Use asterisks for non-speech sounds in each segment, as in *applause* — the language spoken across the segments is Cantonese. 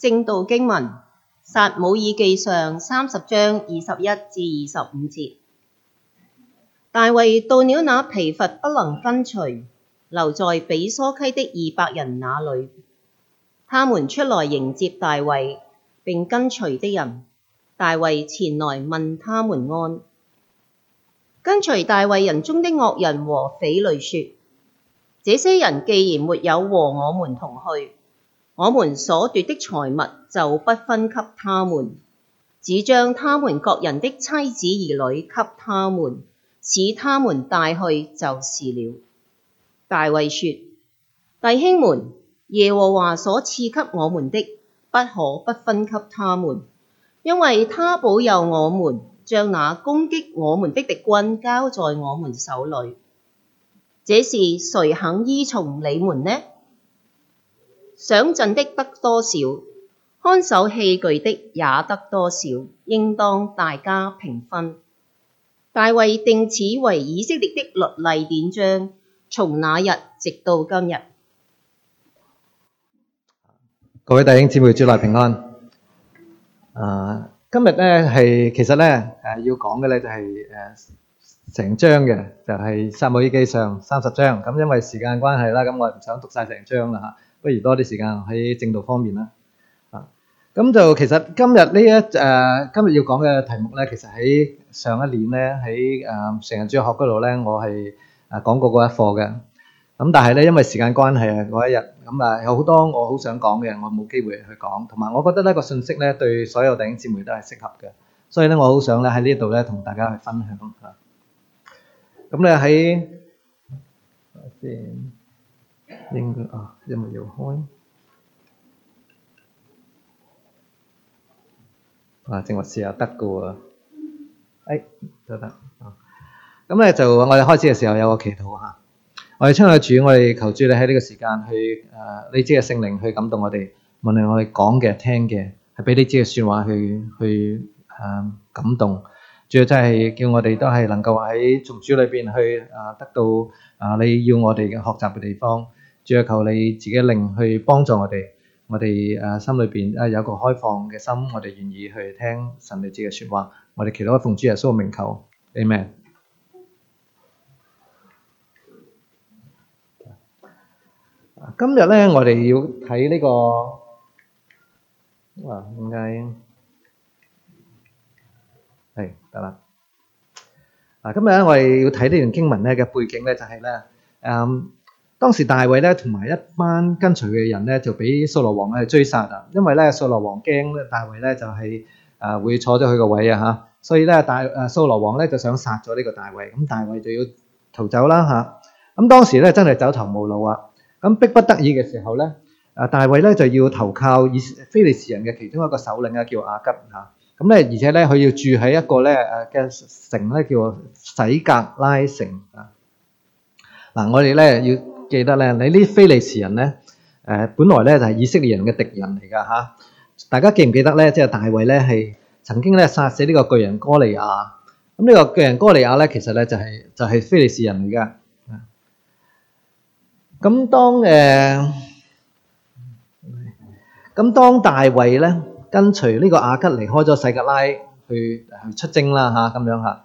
正道經文《撒母耳記上》三十章二十一至二十五節，大衛到了那疲乏不能跟隨，留在比梭溪的二百人那裏。他們出來迎接大衛，並跟隨的人。大衛前來問他們安。跟隨大衛人中的惡人和匪類說：這些人既然沒有和我們同去，我們所奪的財物就不分給他們，只將他們各人的妻子兒女給他們，使他們帶去就是了。大衛說：弟兄們，耶和華所賜給我們的，不可不分給他們，因為他保佑我們，將那攻擊我們的敵軍交在我們手裏。這事誰肯依從你們呢？想上陣的得多少，看守器具的也得多少，應當大家平分。大衛定此為以色列的律例典章，從那日直到今日。各位弟兄姊妹，祝你平安。啊，今日咧係其實咧誒要講嘅咧就係誒成章嘅，就係撒母耳記上三十章。咁因為時間關係啦，咁我唔想讀曬成章啦嚇。不如多啲時間喺正道方面啦。啊，咁就其實今日呢一誒，今日要講嘅題目咧，其實喺上一年咧，喺誒成人主日學嗰度咧，我係誒講過嗰一課嘅。咁但係咧，因為時間關係啊，嗰一日咁啊，有好多我好想講嘅，我冇機會去講。同埋我覺得呢個信息咧對所有弟兄姊妹都係適合嘅，所以咧，我好想咧喺呢度咧同大家去分享嚇。咁咧喺，睇下先。應該啊，一冇有開啊，正話試下，得嘅喎。哎，得得，咁咧就我哋開始嘅時候有個祈禱吓，我哋出去主，我哋求主你喺呢個時間去誒，你嘅聖靈去感動我哋，無論我哋講嘅聽嘅，係俾你嘅說話去去誒感動。主要真係叫我哋都係能夠喺眾主裏邊去誒得到誒你要我哋嘅學習嘅地方。主要求你自己靈去幫助我哋，我哋誒心裏邊誒有個開放嘅心，我哋願意去聽神子嘅說話，我哋祈禱奉主耶穌名求，Amen。今日咧，我哋要睇呢個啊，點解係得啦？啊，今日咧，我哋要睇呢段經文咧嘅背景咧，就係咧，誒。當時大衛咧，同埋一班跟隨嘅人咧，就俾掃羅王咧追殺啊！因為咧掃羅王驚咧大衛咧就係誒會坐咗佢個位啊嚇，所以咧大誒掃羅王咧就想殺咗呢個大衛，咁大衛就要逃走啦嚇。咁當時咧真係走投無路啊！咁逼不得已嘅時候咧，誒大衛咧就要投靠以非利士人嘅其中一個首領啊，叫亞吉嚇。咁咧而且咧佢要住喺一個咧誒嘅城咧，叫做洗格拉城啊。嗱，我哋咧要。記得咧，你呢非利士人咧，誒、呃，本來咧就係以色列人嘅敵人嚟㗎嚇。大家記唔記得咧？即係大衛咧，係曾經咧殺死呢個巨人歌利亞。咁呢個巨人歌利亞咧，其實咧就係就係非利士人嚟㗎。咁當誒，咁、呃、當大衛咧，跟隨呢個亞吉離開咗細格拉去出征啦嚇，咁樣嚇。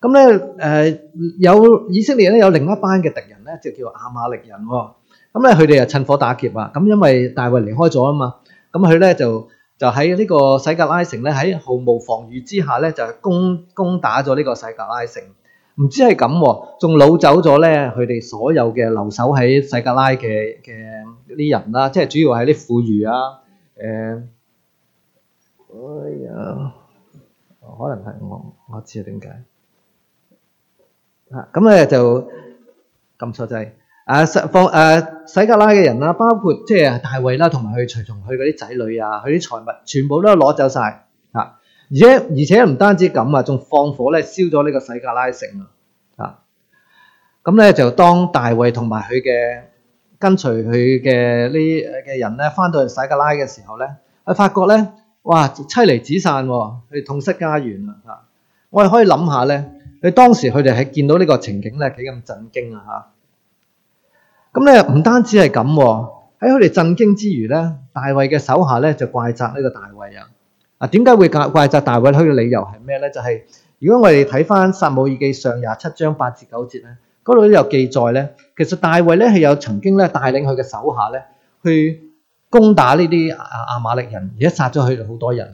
咁咧，誒有以色列咧，有另一班嘅敵人咧，就叫亞瑪力人喎。咁咧，佢哋又趁火打劫啊！咁因為大衛離開咗啊嘛，咁佢咧就就喺呢個洗格拉城咧，喺毫無防禦之下咧，就攻攻打咗呢個洗格拉城。唔知係咁喎，仲擄走咗咧佢哋所有嘅留守喺洗格拉嘅嘅啲人啦，即係主要係啲婦孺啊，誒，哎呀，可能係我我知啊點解。咁咧、啊、就咁錯就係放誒洗格拉嘅人啦，包括即係大衛啦，同埋佢隨從佢嗰啲仔女啊，佢啲財物全部都攞走晒、啊。而且而且唔單止咁啊，仲放火咧燒咗呢個洗格拉城啊！咁、啊、咧就當大衛同埋佢嘅跟隨佢嘅呢嘅人咧，翻到去洗格拉嘅時候咧，佢、啊、發覺咧哇，妻離子散、啊，佢痛失家園啦、啊！我哋可以諗下咧。佢當時佢哋係見到呢個情景咧，幾咁震驚啊嚇！咁咧唔單止係咁喎，喺佢哋震驚之餘咧，大衛嘅手下咧就怪責呢個大衛啊！啊點解會怪怪責大衛咧？佢嘅理由係咩咧？就係、係、如果我哋睇翻撒母耳記上廿七章八節九節咧，嗰度都有記載咧，其實大衛咧係有曾經咧帶領佢嘅手下咧去攻打呢啲阿馬力人，而家殺咗佢哋好多人。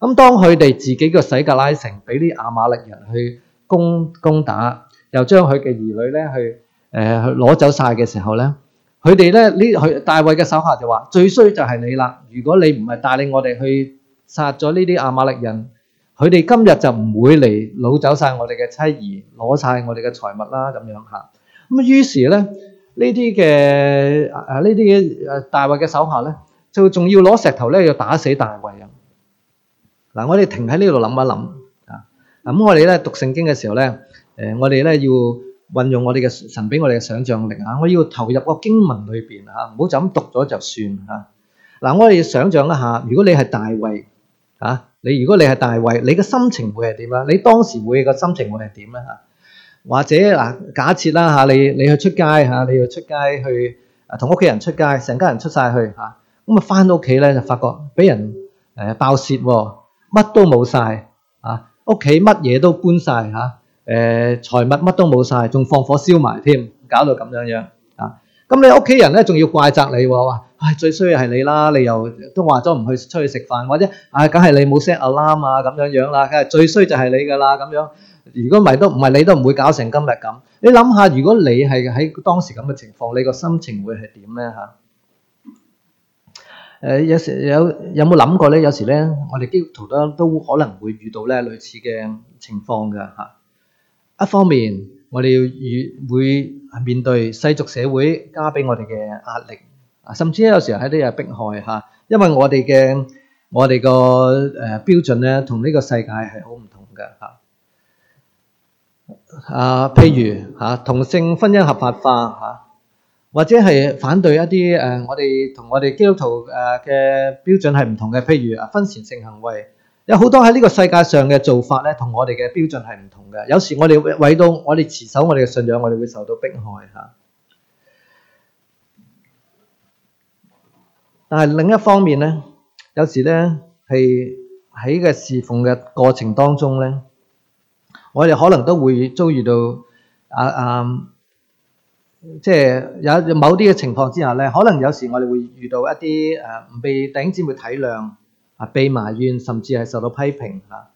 咁當佢哋自己嘅洗格拉城俾啲亞瑪力人去攻攻打，又將佢嘅兒女咧去誒去攞走曬嘅時候咧，佢哋咧呢佢大衛嘅手下就話：最衰就係你啦！如果你唔係帶領我哋去殺咗呢啲亞瑪力人，佢哋今日就唔會嚟攞走曬我哋嘅妻兒，攞曬我哋嘅財物啦咁樣嚇。咁啊，於是咧呢啲嘅啊呢啲嘅誒大衛嘅手下咧，就仲要攞石頭咧，要打死大衛。嗱、嗯，我哋停喺呢度諗一諗啊！咁、嗯嗯、我哋咧讀聖經嘅時候咧，誒、呃、我哋咧要運用我哋嘅神俾我哋嘅想像力啊！我要投入個經文裏邊啊，唔好就咁讀咗就算了啊！嗱、啊，我哋想像一下，如果你係大衛啊，你如果你係大衛，你嘅心情會係點啊，啊，啊？你當時會個心情會係點咧嚇？或者嗱，假設啦嚇，你你去出街嚇、啊，你要出街去啊，同屋企人出街，成家人出晒去嚇，咁啊翻到屋企咧就發覺俾人誒、啊、爆竊喎！啊乜都冇晒啊！屋企乜嘢都搬晒嚇，誒財物乜都冇晒，仲放火燒埋添，搞到咁樣樣啊！咁你屋企人咧，仲要怪責你喎，話唉最衰係你啦，你又都話咗唔去出去食飯或者啊，梗係你冇 set alarm 啊咁樣樣啦，梗係最衰就係你噶啦咁樣。如果唔係都唔係你都唔會搞成今日咁。你諗下，如果你係喺當時咁嘅情況，你個心情會係點咧嚇？誒有時有有冇諗過咧？有時咧，我哋基督徒都都可能會遇到咧類似嘅情況㗎嚇。一方面，我哋要與會面對世俗社會加俾我哋嘅壓力啊，甚至有時候喺啲嘢迫害嚇，因為我哋嘅我哋個誒標準咧，同呢個世界係好唔同嘅嚇。啊，譬如嚇、啊、同性婚姻合法化嚇。啊或者係反對一啲誒，我哋同我哋基督徒誒嘅標準係唔同嘅，譬如啊婚前性行為，有好多喺呢個世界上嘅做法咧，同我哋嘅標準係唔同嘅。有時我哋為到我哋持守我哋嘅信仰，我哋會受到迫害吓。但係另一方面咧，有時咧係喺個侍奉嘅過程當中咧，我哋可能都會遭遇到啊啊。即係有某啲嘅情況之下咧，可能有時我哋會遇到一啲誒唔被弟兄姊妹體諒啊，被埋怨，甚至係受到批評嚇。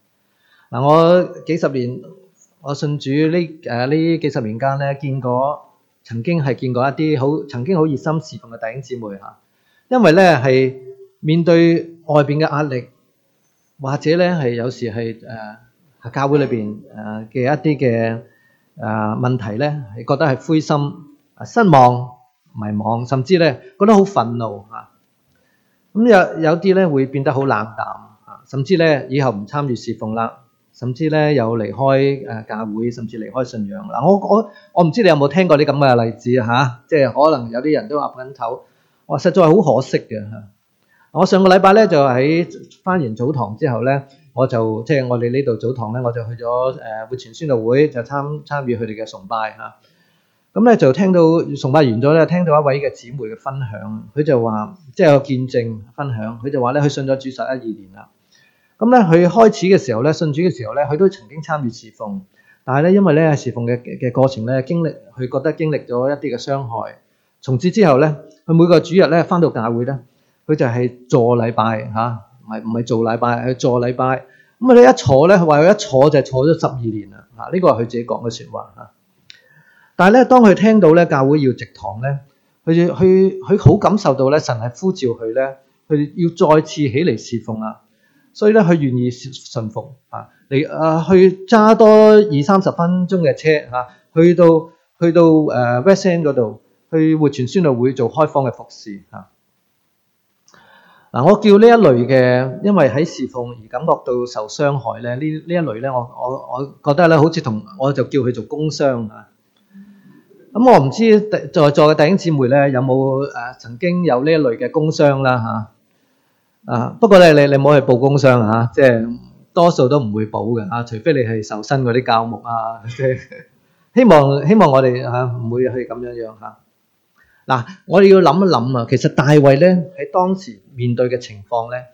嗱、啊，我幾十年我信主呢誒呢幾十年間咧，見過曾經係見過一啲好曾經好熱心侍奉嘅弟兄姊妹嚇、啊，因為咧係面對外邊嘅壓力，或者咧係有時係誒、啊、教會裏邊誒嘅一啲嘅誒問題咧，係覺得係灰心。啊，失望、迷惘，甚至咧覺得好憤怒啊！咁有有啲咧會變得好冷淡啊，甚至咧以後唔參與侍奉啦，甚至咧有離開誒、呃、教會，甚至離開信仰嗱、啊。我我我唔知你有冇聽過啲咁嘅例子嚇、啊，即係可能有啲人都話緊頭，我、啊、實在係好可惜嘅嚇、啊。我上個禮拜咧就喺翻完早堂之後咧，我就即係、就是、我哋呢度早堂咧，我就去咗誒活泉宣道會，就參參與佢哋嘅崇拜嚇。啊咁咧就聽到崇拜完咗咧，聽到一位嘅姊妹嘅分享，佢就話，即係個見證分享，佢就話咧，佢信咗主十一二年啦。咁咧佢開始嘅時候咧，信主嘅時候咧，佢都曾經參與侍奉，但係咧因為咧侍奉嘅嘅過程咧，經歷佢覺得經歷咗一啲嘅傷害，從此之後咧，佢每個主日咧翻到教會咧，佢就係坐禮拜嚇，唔係唔係坐禮拜，係坐禮拜。咁啊，一坐咧，話佢一坐就係、坐咗十二年啦。嚇，呢、呢個係佢自己講嘅説話嚇。但係咧，當佢聽到咧，教會要植堂咧，佢佢好感受到咧，神係呼召佢咧，佢要再次起嚟侍奉啦。所以咧，佢願意順服啊，去揸多二三十分鐘嘅車去到去到誒 Weston 嗰度，去活泉宣道會做開荒嘅服侍。嗱，我叫呢一類嘅，因為喺侍奉而感覺到受傷害咧，呢呢一類咧，我我我覺得咧，好似同我就叫佢做工傷。啊。咁我唔知在座嘅弟兄姊妹咧，有冇誒曾經有呢一類嘅工傷啦嚇，啊不過咧，你你唔好去報工傷嚇，即係多數都唔會保嘅啊，除非你係受傷嗰啲教牧啊。即係希望希望我哋嚇唔會去咁樣樣嚇。嗱，我哋要諗一諗啊，其實大衛咧，喺當時面對嘅情況咧，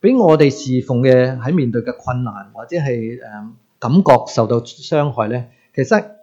比我哋侍奉嘅喺面對嘅困難或者係誒感覺受到傷害咧，其實。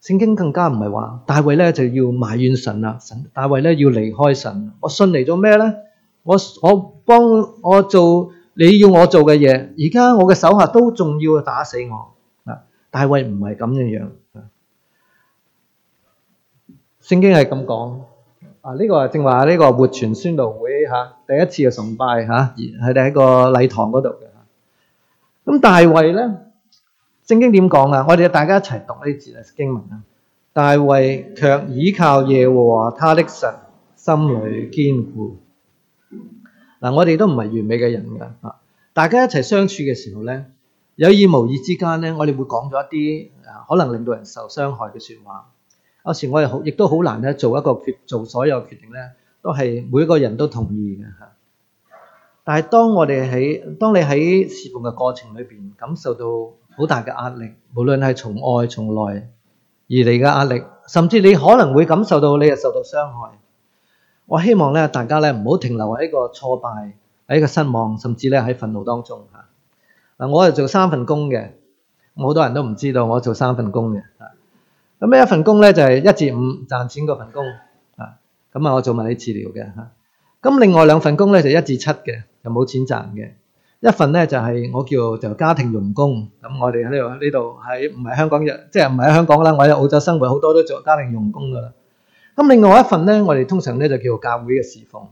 聖經更加唔係話大衛咧就要埋怨神啊，神大衛咧要離開神。我信嚟做咩咧？我我幫我做你要我做嘅嘢，而家我嘅手下都仲要打死我啊！大衛唔係咁嘅樣，聖經係咁講啊！呢個正話呢個活泉宣道會吓第一次嘅崇拜吓，喺第一個禮堂嗰度嘅吓。咁大衛咧？正經點講、嗯、啊？我哋大家一齊讀呢啲字啊，經文啊。大衛卻倚靠耶和華他的神，心裏堅固嗱。我哋都唔係完美嘅人㗎嚇、啊。大家一齊相處嘅時候咧，有意無意之間咧，我哋會講咗一啲可能令到人受傷害嘅説話。有時我哋好亦都好難咧，做一個決做所有決定咧，都係每個人都同意嘅嚇、啊。但係當我哋喺當你喺侍奉嘅過程裏邊感受到好大嘅壓力，無論係從外從內而嚟嘅壓力，甚至你可能會感受到你係受到傷害。我希望咧，大家咧唔好停留喺一個挫敗，喺一個失望，甚至咧喺憤怒當中吓。嗱，我係做三份工嘅，好多人都唔知道我做三份工嘅吓。咁呢一，就是，份工咧就係一至五賺錢嗰份工吓，咁啊我做埋啲治療嘅吓。咁另外兩份工咧就一至七嘅，就冇錢賺嘅。一份咧就係我叫做就家庭傭工，咁我哋喺呢度呢度喺唔係香港人，即係唔係喺香港啦。我喺澳洲生活好多都做家庭傭工噶啦。咁另外一份咧，我哋通常咧就叫做教會嘅侍奉。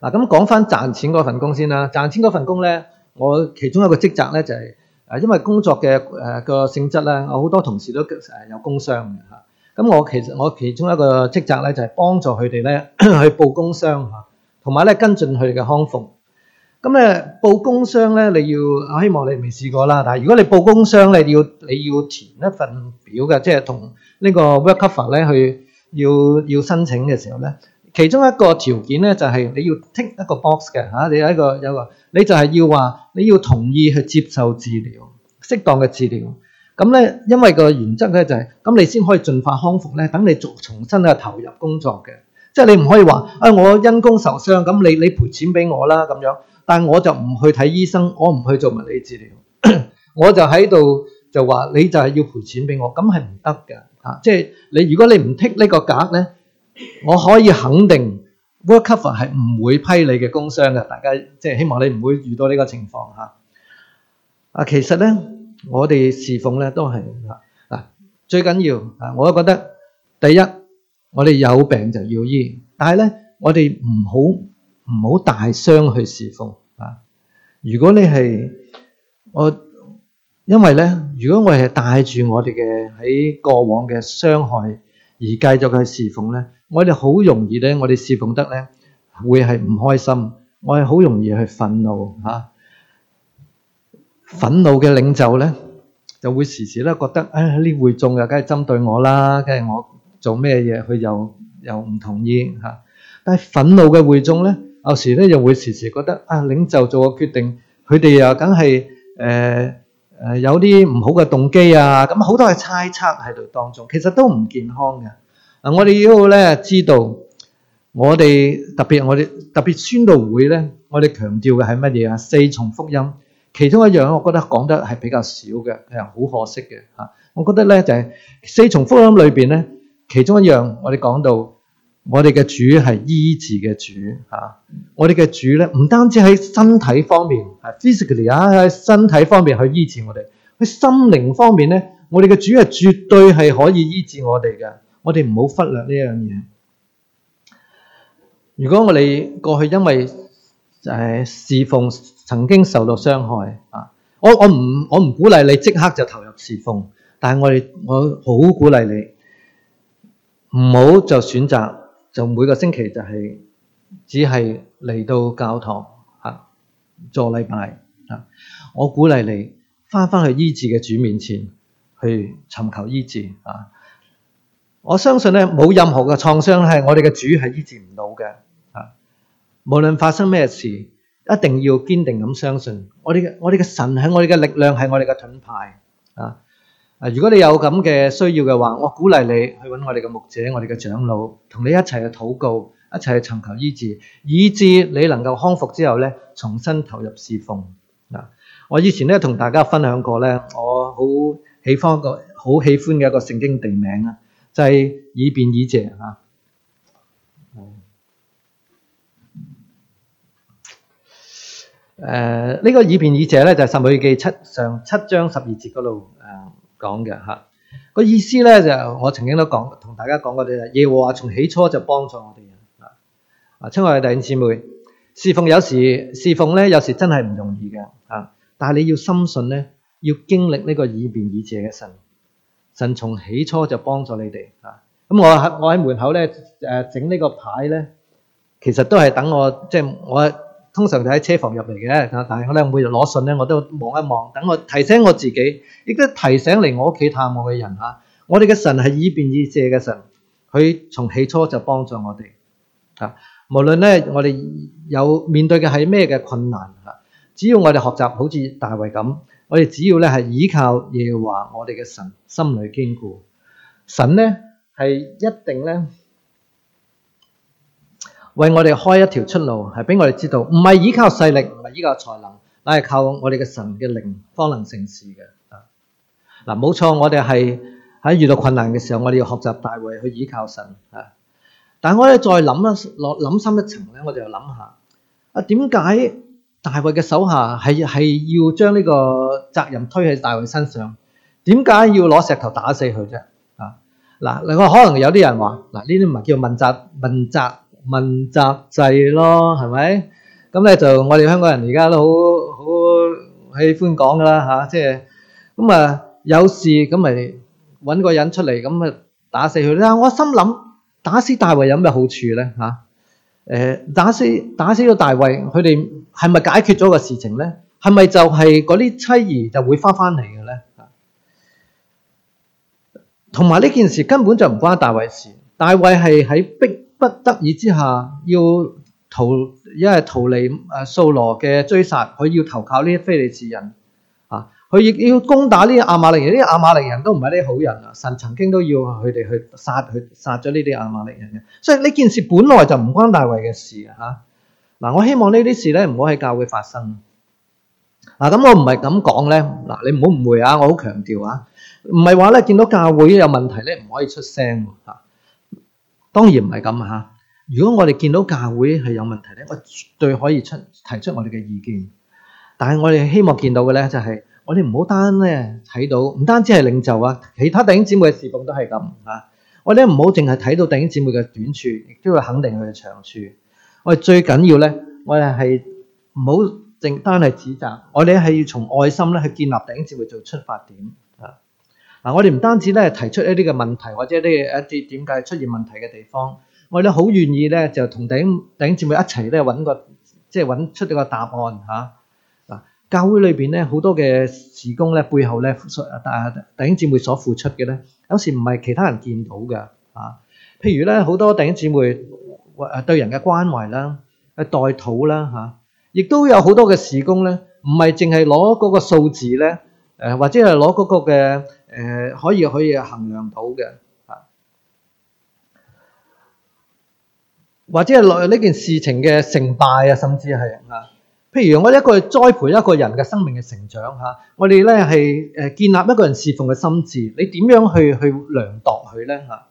嗱，咁講返賺錢嗰份工先啦。賺錢嗰份工咧，我其中一個職責咧就係誒，因為工作嘅誒個性質咧，我好多同事都誒有工傷嘅吓。咁我其實我其中一個職責咧就係幫助佢哋咧去報工傷吓，同埋咧跟進佢哋嘅康復。咁咧報工傷咧，你要我希望你未試過啦。但係如果你報工傷，你要你要填一份表嘅，即係同呢個 work cover 咧去要要申請嘅時候咧，其中一個條件咧就係、是、你要 tick 一個 box 嘅嚇，你有一個有一個你就係要話你要同意去接受治療，適當嘅治療。咁咧，因為個原則咧就係、是，咁你先可以盡快康復咧，等你逐重新去投入工作嘅。即係你唔可以話啊、哎，我因工受傷，咁你你賠錢俾我啦咁樣。但我就唔去睇醫生，我唔去做物理治療， *coughs* 我就喺度就話，你就係要賠錢俾我，咁係唔得嘅嚇。即係你如果你唔剔呢個格咧，我可以肯定 work cover 係唔會批你嘅工傷嘅。大家即係希望你唔會遇到呢個情況嚇。啊，其實咧，我哋侍奉咧都係嗱、啊，最緊要啊，我都覺得第一，我哋有病就要醫，但係咧，我哋唔好。唔好大傷去侍奉啊！如果你係我，因為咧，如果我係帶住我哋嘅喺過往嘅傷害而繼續去侍奉咧，我哋好容易咧，我哋侍奉得咧會係唔開心，我哋好容易去憤怒嚇。憤怒嘅領袖咧，就會時時咧覺得，唉，呢會眾又梗係針對我啦，梗係我做咩嘢佢又又唔同意嚇。但係憤怒嘅會眾咧。有時咧，又會時時覺得啊，領袖做個決定，佢哋又梗係誒誒有啲唔好嘅動機啊，咁好多嘅猜測喺度當中，其實都唔健康嘅。啊，我哋要咧知道，我哋特別我哋特別宣道會咧，我哋強調嘅係乜嘢啊？四重福音，其中一樣，我覺得講得係比較少嘅，係好可惜嘅嚇。我覺得咧就係四重福音裏邊咧，其中一樣我哋講到。我哋嘅主係醫治嘅主，吓！我哋嘅主咧，唔單止喺身體方面，係 physically 啊喺身體方面去醫治我哋；喺心靈方面咧，我哋嘅主係絕對係可以醫治我哋嘅。我哋唔好忽略呢樣嘢。如果我哋過去因為就侍奉，曾經受到傷害啊，我我唔我唔鼓勵你即刻就投入侍奉，但係我哋我好鼓勵你，唔好就選擇。就每個星期就係、是、只係嚟到教堂嚇做禮拜啊！我鼓勵你翻翻去醫治嘅主面前去尋求醫治啊！我相信咧冇任何嘅創傷係我哋嘅主係醫治唔到嘅啊！無論發生咩事，一定要堅定咁相信我哋嘅我哋嘅神，係我哋嘅力量，係我哋嘅盾牌啊！啊！如果你有咁嘅需要嘅話，我鼓勵你去揾我哋嘅牧者、我哋嘅長老，同你一齊去禱告，一齊去尋求醫治，以致你能夠康復之後咧，重新投入侍奉。嗱，我以前咧同大家分享過咧，我好喜歡一個好喜歡嘅一個聖經地名啊，就係、是、以便以謝吓。誒、呃、呢、這個以便以謝咧就係撒母耳記上七章十二節嗰度。講嘅吓，個意思咧就我曾經都講，同大家講過就係耶和華從起初就幫助我哋啊！啊，親愛嘅弟兄姊妹，侍奉有時侍奉咧有時真係唔容易嘅啊！但係你要深信咧，要經歷呢個以便以謝嘅神，神從起初就幫助你哋啊！咁我喺我喺門口咧誒，整、呃、呢個牌咧，其實都係等我即係、就是、我。通常就喺車房入嚟嘅，但係可能每日攞信咧，我都望一望，等我提醒我自己，亦都提醒嚟我屋企探我嘅人嚇。我哋嘅神係以便以借嘅神，佢從起初就幫助我哋嚇。無論咧我哋有面對嘅係咩嘅困難嚇，只要我哋學習好似大衛咁，我哋只要咧係依靠耶和華我哋嘅神，心裏堅固，神咧係一定咧，為我哋開一條出路，係俾我哋知道，唔係依靠勢力，唔係依靠才能，乃係靠我哋嘅神嘅靈方能成事嘅。嗱，冇錯，我哋係喺遇到困難嘅時候，我哋要學習大衛去依靠神。但係我哋再諗一落，諗深一層咧，我哋就諗下啊，點解大衛嘅手下係係要將呢個責任推喺大衛身上？點解要攞石頭打死佢啫？嗱，另外，可能有啲人話，嗱呢啲唔叫問責問責。問責制咯，係咪？咁咧就我哋香港人而家都好好喜歡講噶啦嚇，即係咁啊，有事咁咪搵個人出嚟咁咪打死佢啦！我心諗打死大衛有咩好處咧嚇？誒，打死打死咗大衛，佢哋係咪解決咗個事情咧？係咪就係嗰啲妻兒就會返返嚟嘅咧？同埋呢件事根本就唔關大衛事，大衛係喺逼。不得已之下，要逃，因為逃離誒掃羅嘅追殺，佢要投靠呢啲非利士人啊，佢要要攻打呢啲亞瑪力人，呢啲亞瑪力人都唔係啲好人啊，神曾經都要佢哋去殺佢殺咗呢啲亞瑪力人嘅，所以呢件事本來就唔關大衛嘅事啊，嗱我希望呢啲事咧唔好喺教會發生，嗱、啊、咁我唔係咁講咧，嗱你唔好誤會啊，我好強調啊，唔係話咧見到教會有問題咧唔可以出聲啊。當然唔係咁嚇，如果我哋見到教會係有問題咧，我絕對可以出提出我哋嘅意見。但係我哋希望見到嘅咧、就是，就係我哋唔好單咧睇到，唔單止係領袖啊，其他弟兄姊妹嘅事奉都係咁嚇。我哋唔好淨係睇到弟兄姊妹嘅短處，亦都要肯定佢嘅長處。我哋最緊要咧，我哋係唔好淨單係指責，我哋係要從愛心咧去建立弟兄姊妹做出發點。嗱，我哋唔單止咧提出一啲嘅問題，或者呢一啲點解出現問題嘅地方，我哋好願意咧就同弟兄弟兄姊妹一齊咧揾個即係揾出到個答案嚇。嗱，教會裏邊咧好多嘅事工咧背後咧，但係弟兄姊妹所付出嘅咧，有時唔係其他人見到嘅嚇。譬如咧，好多弟兄姊妹誒對人嘅關懷啦，誒代禱啦嚇，亦都有好多嘅事工咧，唔係淨係攞嗰個數字咧，誒或者係攞嗰個嘅。誒、呃、可以可以衡量到嘅啊，或者係落呢件事情嘅成敗啊，甚至係啊。譬如我一個栽培一個人嘅生命嘅成長嚇，我哋咧係誒建立一個人侍奉嘅心智，你點樣去去量度佢咧嚇？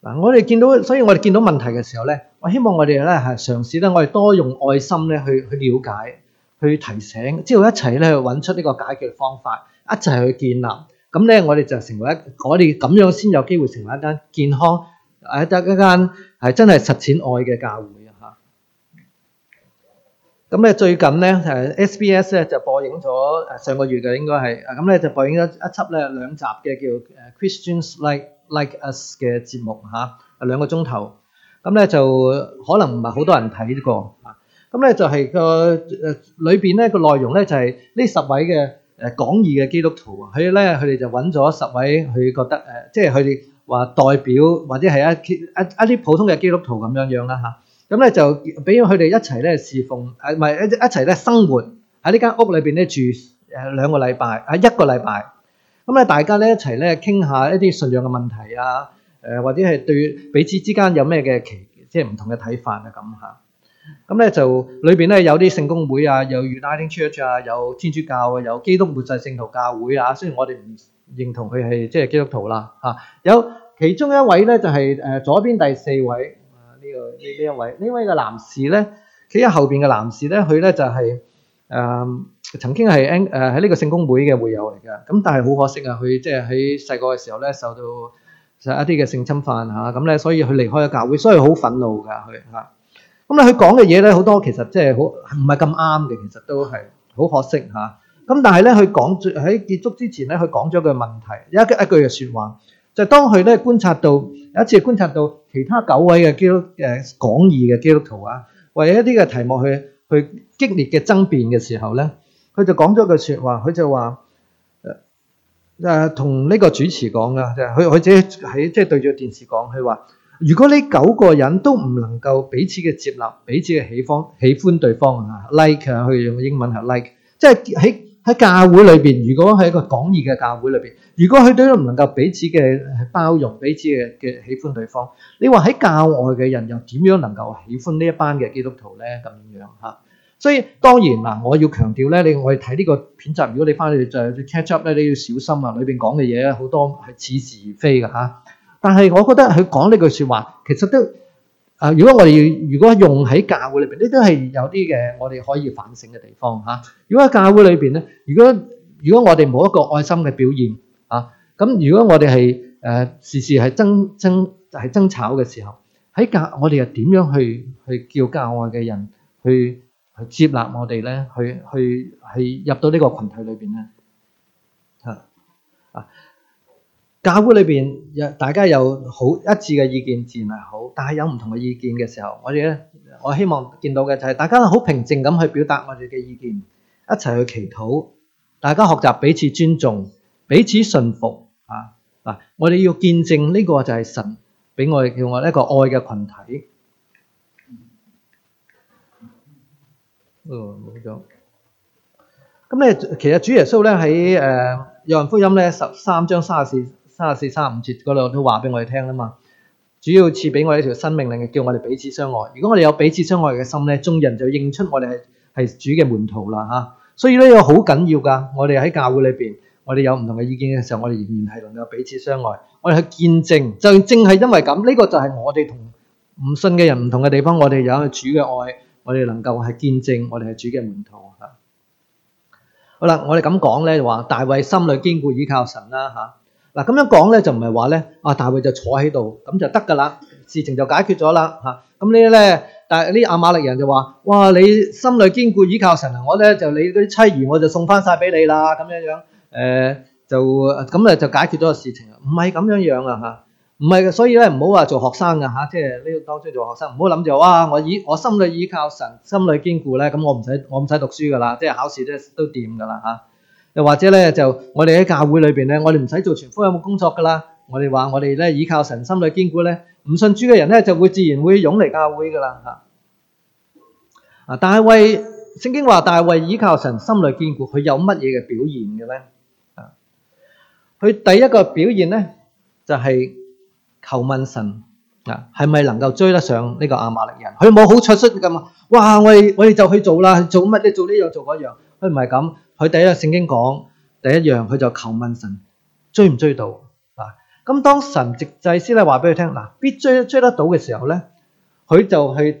嗱，我哋見到，所以我哋見到問題嘅時候咧，我希望我哋咧係嘗試咧，我哋多用愛心咧去去了解，去提醒，之後一齊咧去搵出呢個解決方法，一齊去建立。咁咧，我哋就成為一，我哋咁樣先有機會成為一間健康，誒一間一間係真係實踐愛嘅教會啊！嚇。咁咧最近咧誒 SBS 咧就播映咗，誒上個月嘅應該係，咁咧就播映咗一輯咧兩集嘅叫誒 Christians Like Like Us 嘅節目嚇，兩個鐘頭。咁咧就可能唔係好多人睇過啊。咁咧就係個誒裏邊咧個內容咧就係呢十位嘅。誒廣義嘅基督徒啊，所以咧佢哋就揾咗十位，佢覺得、呃、即係佢哋話代表或者係一一一啲普通嘅基督徒咁樣樣啦嚇。咁、啊、咧就呢，俾咗佢哋一齊咧侍奉，唔、啊、係一一齊咧生活喺呢間屋裏面咧住誒兩個禮拜，啊一個禮拜。咁、嗯、咧大家咧一齊咧傾下一啲信仰嘅問題啊，呃、或者係對彼此之間有咩嘅歧即係唔同嘅睇法啊咁嚇。咁咧就裏面咧有啲聖公會啊，有 Uniting Church 啊，有天主教啊，有基督復制聖徒教會啊。雖然我哋唔認同佢係即係基督徒啦、啊，有其中一位咧就係左邊第四位啊，呢、呢個呢呢一位呢位嘅男士咧，企喺後邊嘅男士咧，佢咧就係、是呃、曾經係喺呢個聖公會嘅會友嚟嘅。咁但係好可惜啊，佢即係喺細個嘅時候咧受到一啲嘅性侵犯嚇，咁、啊、咧所以佢離開咗教會，所以好憤怒㗎，佢、啊咁佢講嘅嘢咧，好多其實即係好唔係咁啱嘅，其實都係好可惜吓。咁但係咧，佢講喺結束之前咧，佢講咗個問題，一一句嘅説話，就係當佢咧觀察到有一次觀察到其他九位嘅基督誒廣義嘅基督徒啊，為一啲嘅題目去去激烈嘅爭辯嘅時候咧，佢就講咗句說話，佢就話誒誒同呢個主持講啊，就佢佢自己喺即係對住電視講，佢話。如果你九個人都唔能夠彼此嘅接納、彼此嘅喜歡喜歡對方啊，like 佢用英文係 like，即係喺喺教會裏面。如果係一個廣義嘅教會裏面，如果佢哋都唔能夠彼此嘅包容、彼此嘅嘅喜歡對方，你話喺教外嘅人又點樣能夠喜歡呢一班嘅基督徒咧？咁樣嚇，所以當然嗱，我要強調咧，你我哋睇呢個片集，如果你翻去再 catch up 咧，你要小心啊，裏邊講嘅嘢好多係似是而非嘅嚇。但係，我覺得佢講呢句説話，其實都誒，如果我哋如果用喺教會裏邊，呢都係有啲嘅我哋可以反省嘅地方嚇。如果喺教會裏邊咧，如果如果我哋冇一個愛心嘅表現啊，咁如果我哋係誒時時係爭爭係爭吵嘅時候，喺教我哋又點樣去去叫教外嘅人去去接納我哋咧？去去去入到呢個群體裏邊咧？教會裏邊大家有好一致嘅意見，自然係好。但係有唔同嘅意見嘅時候，我哋咧，我希望見到嘅就係大家好平靜咁去表達我哋嘅意見，一齊去祈禱，大家學習彼此尊重、彼此信服啊！嗱，我哋要見證呢個就係神俾我哋叫我一個愛嘅群體。咁、哦、咧，其實主耶穌咧喺誒《約翰福音》咧十三章三十四。三十四、三十五節嗰度都話俾我哋聽啦嘛，主要賜俾我哋一條新命令，叫我哋彼此相愛。如果我哋有彼此相愛嘅心咧，眾人就認出我哋係係主嘅門徒啦吓。所以呢個好緊要噶。我哋喺教會裏邊，我哋有唔同嘅意見嘅時候，我哋仍然係能夠彼此相愛。我哋去見證，就正係因為咁，呢個就係我哋同唔信嘅人唔同嘅地方。我哋有主嘅愛，我哋能夠係見證，我哋係主嘅門徒。好啦，我哋咁講咧，就話大衛心裏堅固，倚靠神啦吓。嗱咁樣講咧，就唔係話咧，啊大衛就坐喺度咁就得㗎啦，事情就解決咗啦吓。咁呢啲咧，但係呢亞瑪力人就話：哇！你心裏堅固依靠神啊，我咧就你啲妻兒，我就送翻晒俾你啦，咁樣樣，誒就咁咧就解決咗個事情啊。唔係咁樣樣啊吓，唔係，所以咧唔好話做學生㗎吓。即係呢當中做學生，唔好諗住哇，我以我心裏依靠神，心裏堅固咧，咁我唔使我唔使讀書㗎啦，即係考試都掂㗎啦吓。又或者咧，就我哋喺教會裏邊咧，我哋唔使做傳福音工作噶啦。我哋話我哋咧依靠神心裏堅固咧，唔信主嘅人咧就會自然會湧嚟教會噶啦吓。啊，大衛聖經話大衛依靠神心裏堅固，佢有乜嘢嘅表現嘅咧？佢第一個表現咧就係求問神啊，係咪能夠追得上呢個亞瑪力人？佢冇好出息咁啊！哇，我哋我哋就去做啦，去做乜嘢？做呢樣做嗰樣，佢唔係咁。佢第一個聖經講第一樣，佢就求問神追唔追到啊？咁當神藉祭司咧話俾佢聽嗱，必追追得到嘅時候咧，佢就去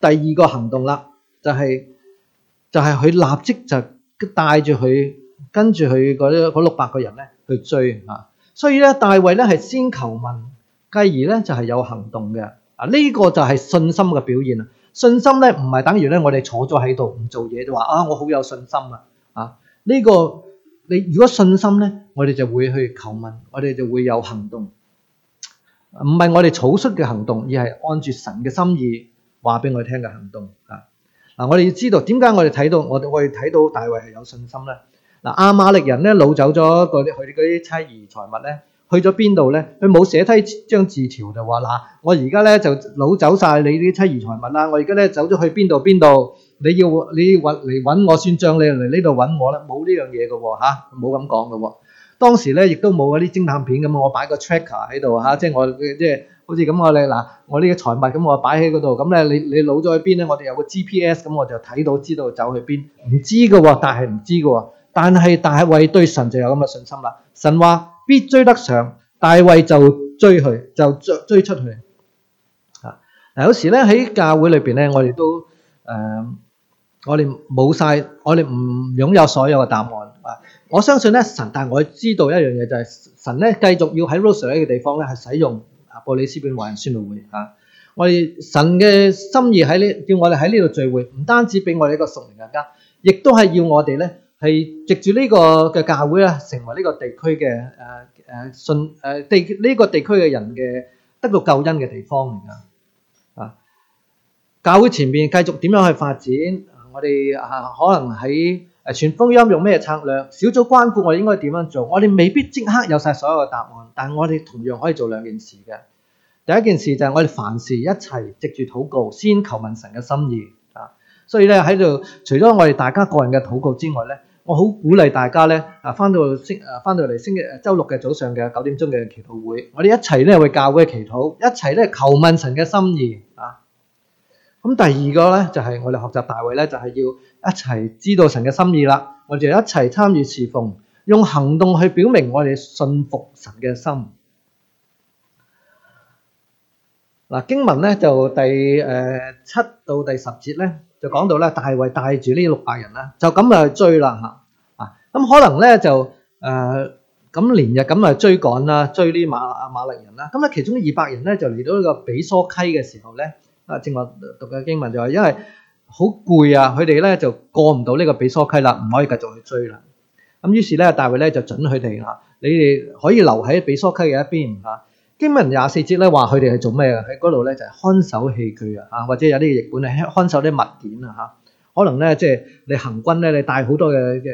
第二個行動啦，就係、就係、佢立即就帶住佢跟住佢嗰六百個人咧去追啊！所以咧，大衛咧係先求問，繼而咧就係有行動嘅啊！呢個就係信心嘅表現啊！信心咧唔係等於咧我哋坐咗喺度唔做嘢就話啊，我好有信心啦啊！呢、這個你如果信心咧，我哋就會去求問，我哋就會有行動，唔係我哋草率嘅行動，而係按住神嘅心意話俾我聽嘅行動啊！嗱，我哋要知道點解我哋睇到我我哋睇到大衛係有信心咧？嗱、啊，亞瑪力人咧攞走咗佢嗰啲妻兒財物咧，去咗邊度咧？佢冇寫低張字條就話嗱，我而家咧就攞走晒你啲妻兒財物啦，我而家咧走咗去邊度邊度？你要你揾嚟揾我算賬，你嚟呢度揾我啦，冇呢樣嘢嘅吓，冇咁講嘅。當時咧亦都冇嗰啲偵探片咁，我擺個 tracker 喺度吓、啊，即係我即係好似咁我哋，嗱，我呢個財物咁，我擺喺嗰度，咁咧你你攞咗去邊咧，我哋有個 GPS，咁我就睇到知道走去邊。唔知嘅，但係唔知嘅，但係大衛對神就有咁嘅信心啦。神話必追得上，大衛就追佢，就追追出去。吓、啊，嗱、啊、有時咧喺教會裏邊咧，我哋都誒。嗯我哋冇晒，我哋唔擁有所有嘅答案啊！我相信咧，神，但係我知道一樣嘢就係神咧，繼續要喺 Rosalie 嘅地方咧，係使用布里斯本華人宣道會啊！我哋神嘅心意喺呢，叫我哋喺呢度聚會，唔單止俾我哋一個熟人更加，亦都係要我哋咧係藉住呢個嘅教會啦，成為呢個地區嘅誒誒信誒、啊、地呢、呢個地區嘅人嘅得到救恩嘅地方嚟噶啊！教會前面繼續點樣去發展？我哋啊，可能喺傳福音用咩策略？小組關顧我哋應該點樣做？我哋未必即刻有晒所有嘅答案，但我哋同樣可以做兩件事嘅。第一件事就係我哋凡事一齊藉住禱告，先求問神嘅心意啊。所以咧喺度，除咗我哋大家個人嘅禱告之外咧，我好鼓勵大家咧啊，翻到星啊，翻到嚟星期周六嘅早上嘅九點鐘嘅祈禱會，我哋一齊咧會教會嘅祈禱，一齊咧求問神嘅心意啊。咁第二個咧，就係我哋學習大衛咧，就係要一齊知道神嘅心意啦。我哋一齊參與侍奉，用行動去表明我哋信服神嘅心。嗱，經文咧就第誒七到第十節咧，就講到咧大衛帶住呢六百人啦，就咁啊去追啦嚇啊！咁可能咧就誒咁連日咁啊追趕啊追啲馬啊瑪力人啦。咁咧其中二百人咧就嚟到呢個比梭溪嘅時候咧。啊！正話讀嘅經文就係因為好攰啊，佢哋咧就過唔到呢個比蘇溪啦，唔可以繼續去追啦。咁於是咧，大衛咧就準佢哋嚇，你哋可以留喺比蘇溪嘅一邊嚇。經文廿四節咧話佢哋係做咩嘅？喺嗰度咧就係看守器具啊，嚇，或者有啲譯本係看守啲物件啊嚇。可能咧即係你行軍咧，你帶好多嘅嘅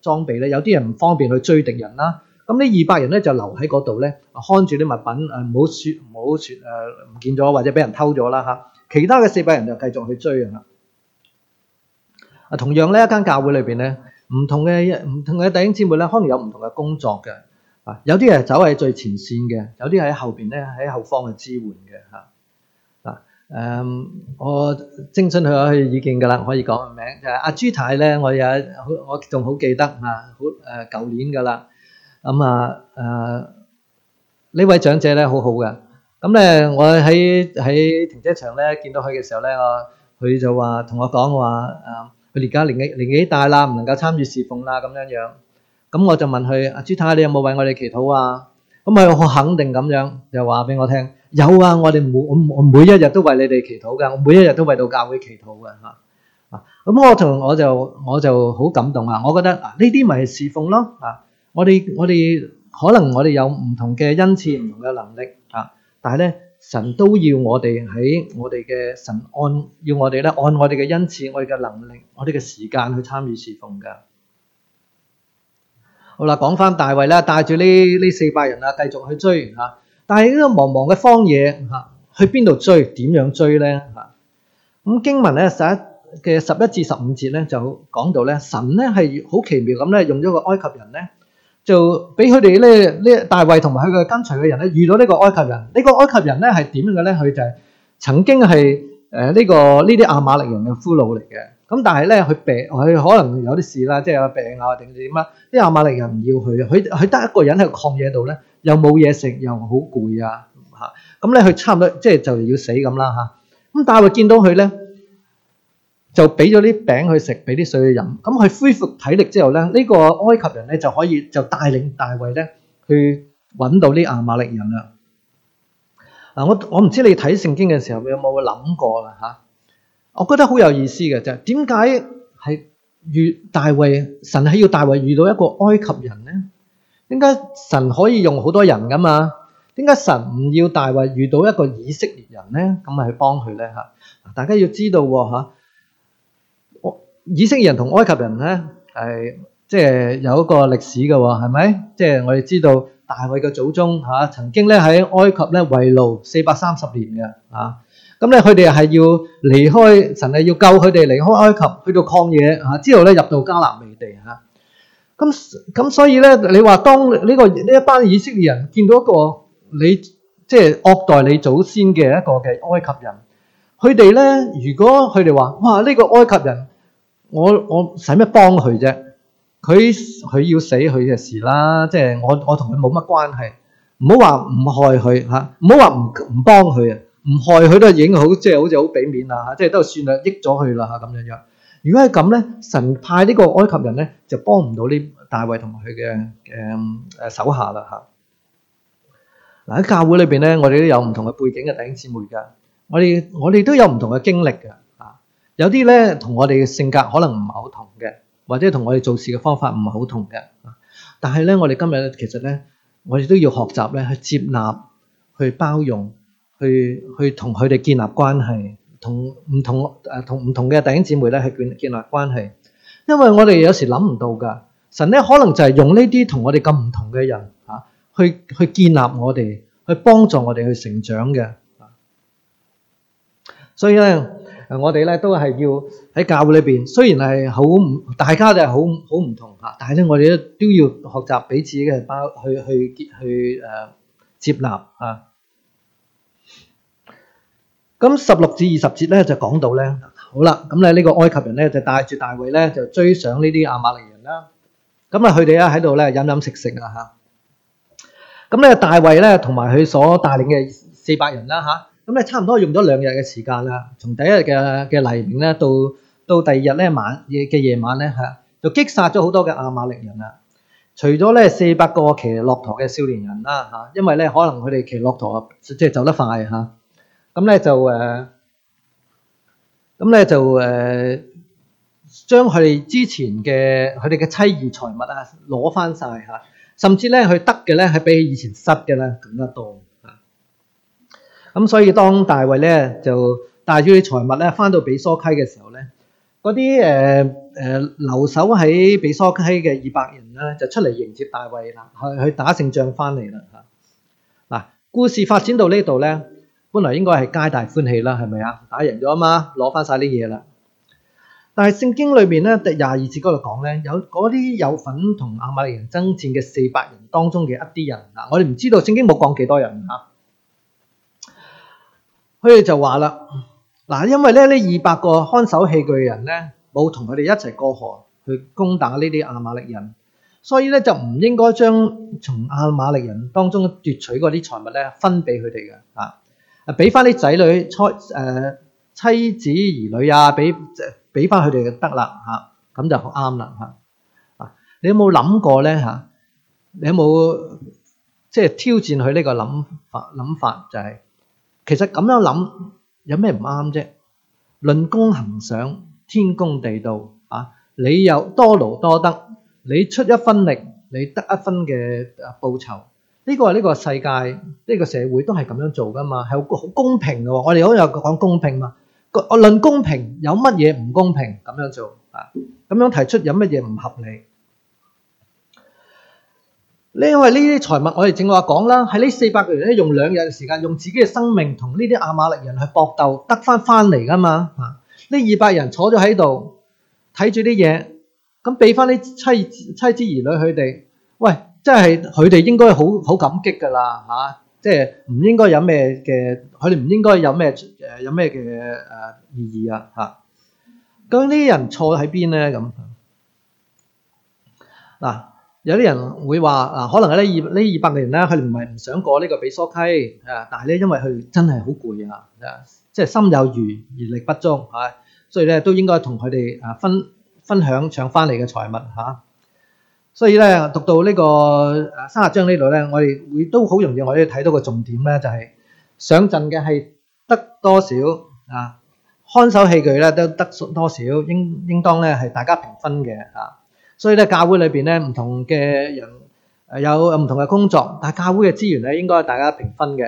裝備咧，有啲人唔方便去追敵人啦。咁呢二百人咧就留喺嗰度咧，看住啲物品誒，唔好説唔好説誒唔見咗或者俾人偷咗啦嚇。其他嘅四百人就繼續去追、嗯去去啊，去嗯、啊！啊，同樣呢一間教會裏邊咧，唔同嘅唔同嘅弟兄姊妹咧，可能有唔同嘅工作嘅啊，有啲係走喺最前線嘅，有啲喺後邊咧喺後方去支援嘅嚇啊誒，我徵詢佢嘅意見㗎啦，可以講個名就係阿朱太咧，我有好我仲好記得啊，好誒舊年㗎啦，咁啊誒呢位長者咧好好嘅。咁咧，我喺喺停車場咧見到佢嘅時候咧，我佢就話同我講話啊，佢而家年紀年紀大啦，唔能夠參與侍奉啦咁樣樣。咁我就問佢阿朱太，你有冇為我哋祈禱啊？咁佢好肯定咁樣就話俾我聽，有啊，我哋我每一日都為你哋祈禱㗎，我每一日都，都為到教會祈禱㗎嚇啊。咁我同我就我就好感動啊！我覺得啊，呢啲咪侍奉咯啊！我哋我哋可能我哋有唔同嘅恩賜，唔同嘅能力啊。但係咧，神都要我哋喺我哋嘅神按，要我哋咧按我哋嘅恩賜、我哋嘅能力、我哋嘅時間去參與侍奉噶。好啦，講翻大衛啦，帶住呢呢四百人啊，繼續去追啊。但係呢個茫茫嘅荒野啊，去邊度追？點樣追咧？吓咁經文咧十一嘅十一至十五節咧，就講到咧神咧係好奇妙咁咧，用咗個埃及人咧。就俾佢哋咧，呢大衛同埋佢嘅跟隨嘅人咧，遇到呢個埃及人。呢個埃及人咧係點樣嘅咧？佢就係曾經係誒呢個呢啲亞瑪力人嘅俘虜嚟嘅。咁但係咧佢病，佢可能有啲事啦，即係有病啊，定點啊？啲亞瑪力人唔要佢，佢佢得一個人喺曠野度咧，又冇嘢食，又好攰啊吓。咁咧佢差唔多即係就要死咁啦吓。咁大衛見到佢咧。就俾咗啲餅去食，俾啲水去飲。咁佢恢復體力之後咧，呢個埃及人咧就可以就帶領大衛咧去揾到啲亞瑪力人啦。嗱、啊，我我唔知你睇聖經嘅時候有冇諗過啦嚇、啊。我覺得好有意思嘅就係點解係遇大衛，神係要大衛遇到一個埃及人咧？點解神可以用好多人噶嘛？點解神唔要大衛遇到一個以色列人咧？咁咪去幫佢咧嚇？大家要知道喎以色列人同埃及人咧，係即係有一個歷史嘅，係咪？即、就、係、是、我哋知道，大衛嘅祖宗嚇曾經咧喺埃及咧為奴四百三十年嘅啊。咁、嗯、咧，佢哋係要離開神，係要救佢哋離開埃及去到曠野嚇、嗯。之後咧入到迦南美地嚇。咁、嗯、咁、嗯、所以咧，你話當呢、這個呢一班以色列人見到一個你即係、就是、惡待你祖先嘅一個嘅埃及人，佢哋咧如果佢哋話哇呢個埃及人。我我使咩幫佢啫？佢佢要死佢嘅事啦，即係我我同佢冇乜關係。唔好話唔害佢嚇，唔好話唔唔幫佢啊，唔害佢都係影好，即係好似好俾面啦，即係都算啦，益咗佢啦咁樣。如果係咁咧，神派呢個埃及人咧就幫唔到呢大衛同佢嘅誒誒手下啦嚇，嗱喺教會裏邊咧，我哋都有唔同嘅背景嘅弟兄姊妹㗎，我哋我哋都有唔同嘅經歷㗎。有啲咧同我哋嘅性格可能唔係好同嘅，或者同我哋做事嘅方法唔係好同嘅。但係咧，我哋今日其實咧，我哋都要學習咧去接納、去包容、去去同佢哋建立關係，同唔同、啊、同誒同唔同嘅弟兄姊妹咧去建建立關係。因為我哋有時諗唔到噶，神咧可能就係用呢啲同我哋咁唔同嘅人吓、啊，去去建立我哋，去幫助我哋去成長嘅、啊。所以咧。我哋咧都係要喺教會裏邊，雖然係好唔，大家就好好唔同嚇，但係咧我哋都都要學習彼此嘅包，去去去誒、呃、接納嚇。咁十六至二十節咧就講到咧，好啦，咁咧呢個埃及人咧就帶住大衛咧就追上這些亞馬呢啲亞瑪力人啦。咁啊，佢哋咧喺度咧飲飲食食啊嚇。咁咧大衛咧同埋佢所帶領嘅四百人啦嚇。咁咧差唔多用咗兩日嘅時間啦，從第一日嘅嘅黎明咧到到第二日咧晚嘅夜晚咧就擊殺咗好多嘅亞瑪力人啦。除咗咧四百個騎駱駝嘅少年人啦，因為咧可能佢哋騎駱駝即係走得快，咁咧就誒咁咧就誒將佢哋之前嘅佢哋嘅妻兒財物啊攞翻晒，甚至咧佢得嘅咧係比以前失嘅咧更加多。咁、嗯、所以當大衛咧就帶住啲財物咧翻到比梭溪嘅時候咧，嗰啲誒誒留守喺比梭溪嘅二百人咧就出嚟迎接大衛啦，去去打勝仗翻嚟啦吓。嗱、啊，故事發展到呢度咧，本來應該係皆大歡喜啦，係咪啊？打贏咗啊嘛，攞翻晒啲嘢啦。但係聖經裏面咧，第廿二節嗰度講咧，有嗰啲有份同亞瑪力人爭戰嘅四百人當中嘅一啲人啦，啊，我哋唔知道聖經冇講幾多人吓，啊。佢哋就話啦，嗱，因為咧呢二百個看守器具嘅人咧，冇同佢哋一齊過河去攻打呢啲亞瑪力人，所以咧就唔應該將從亞瑪力人當中奪取嗰啲財物咧分俾佢哋嘅吓，俾翻啲仔女妻誒妻子兒女啊，俾即俾翻佢哋就得啦吓，咁就好啱啦吓。你有冇諗過咧吓？你有冇即係挑戰佢呢個諗法諗法就係、是？其實咁樣諗有咩唔啱啫？論功行賞，天公地道啊！你有多勞多得，你出一分力，你得一分嘅報酬。呢個係呢個世界，呢個社會都係咁樣做噶嘛，係好公好公平嘅喎。我哋好有講公平嘛，我論公平有乜嘢唔公平咁樣做啊？咁樣提出有乜嘢唔合理？咧，因為呢啲財物我們，我哋正話講啦，喺呢四百個人咧，用兩日嘅時間，用自己嘅生命同呢啲亞瑪力人去搏鬥，得翻翻嚟噶嘛？啊，呢二百人坐咗喺度睇住啲嘢，咁俾翻啲妻子、妻子兒女佢哋，喂，即係佢哋應該好好感激噶啦嚇，即係唔應該有咩嘅，佢哋唔應該有咩誒有咩嘅誒意義啊嚇。咁呢啲人錯喺邊咧咁？嗱、啊。有啲人會話嗱，可能呢二呢二百年人咧，佢唔係唔想過呢個比梭溪啊，但係咧因為佢哋真係好攰啊，即係心有餘而力不足。啊，所以咧都應該同佢哋啊分分享搶翻嚟嘅財物嚇。所以咧讀到呢個卅章呢度咧，我哋會都好容易，我哋睇到個重點咧就係上陣嘅係得多少啊，看守器具咧都得多少，應應當咧係大家平分嘅啊。所以咧，教會裏邊咧唔同嘅人，有唔同嘅工作，但係教會嘅資源咧應該大家平分嘅。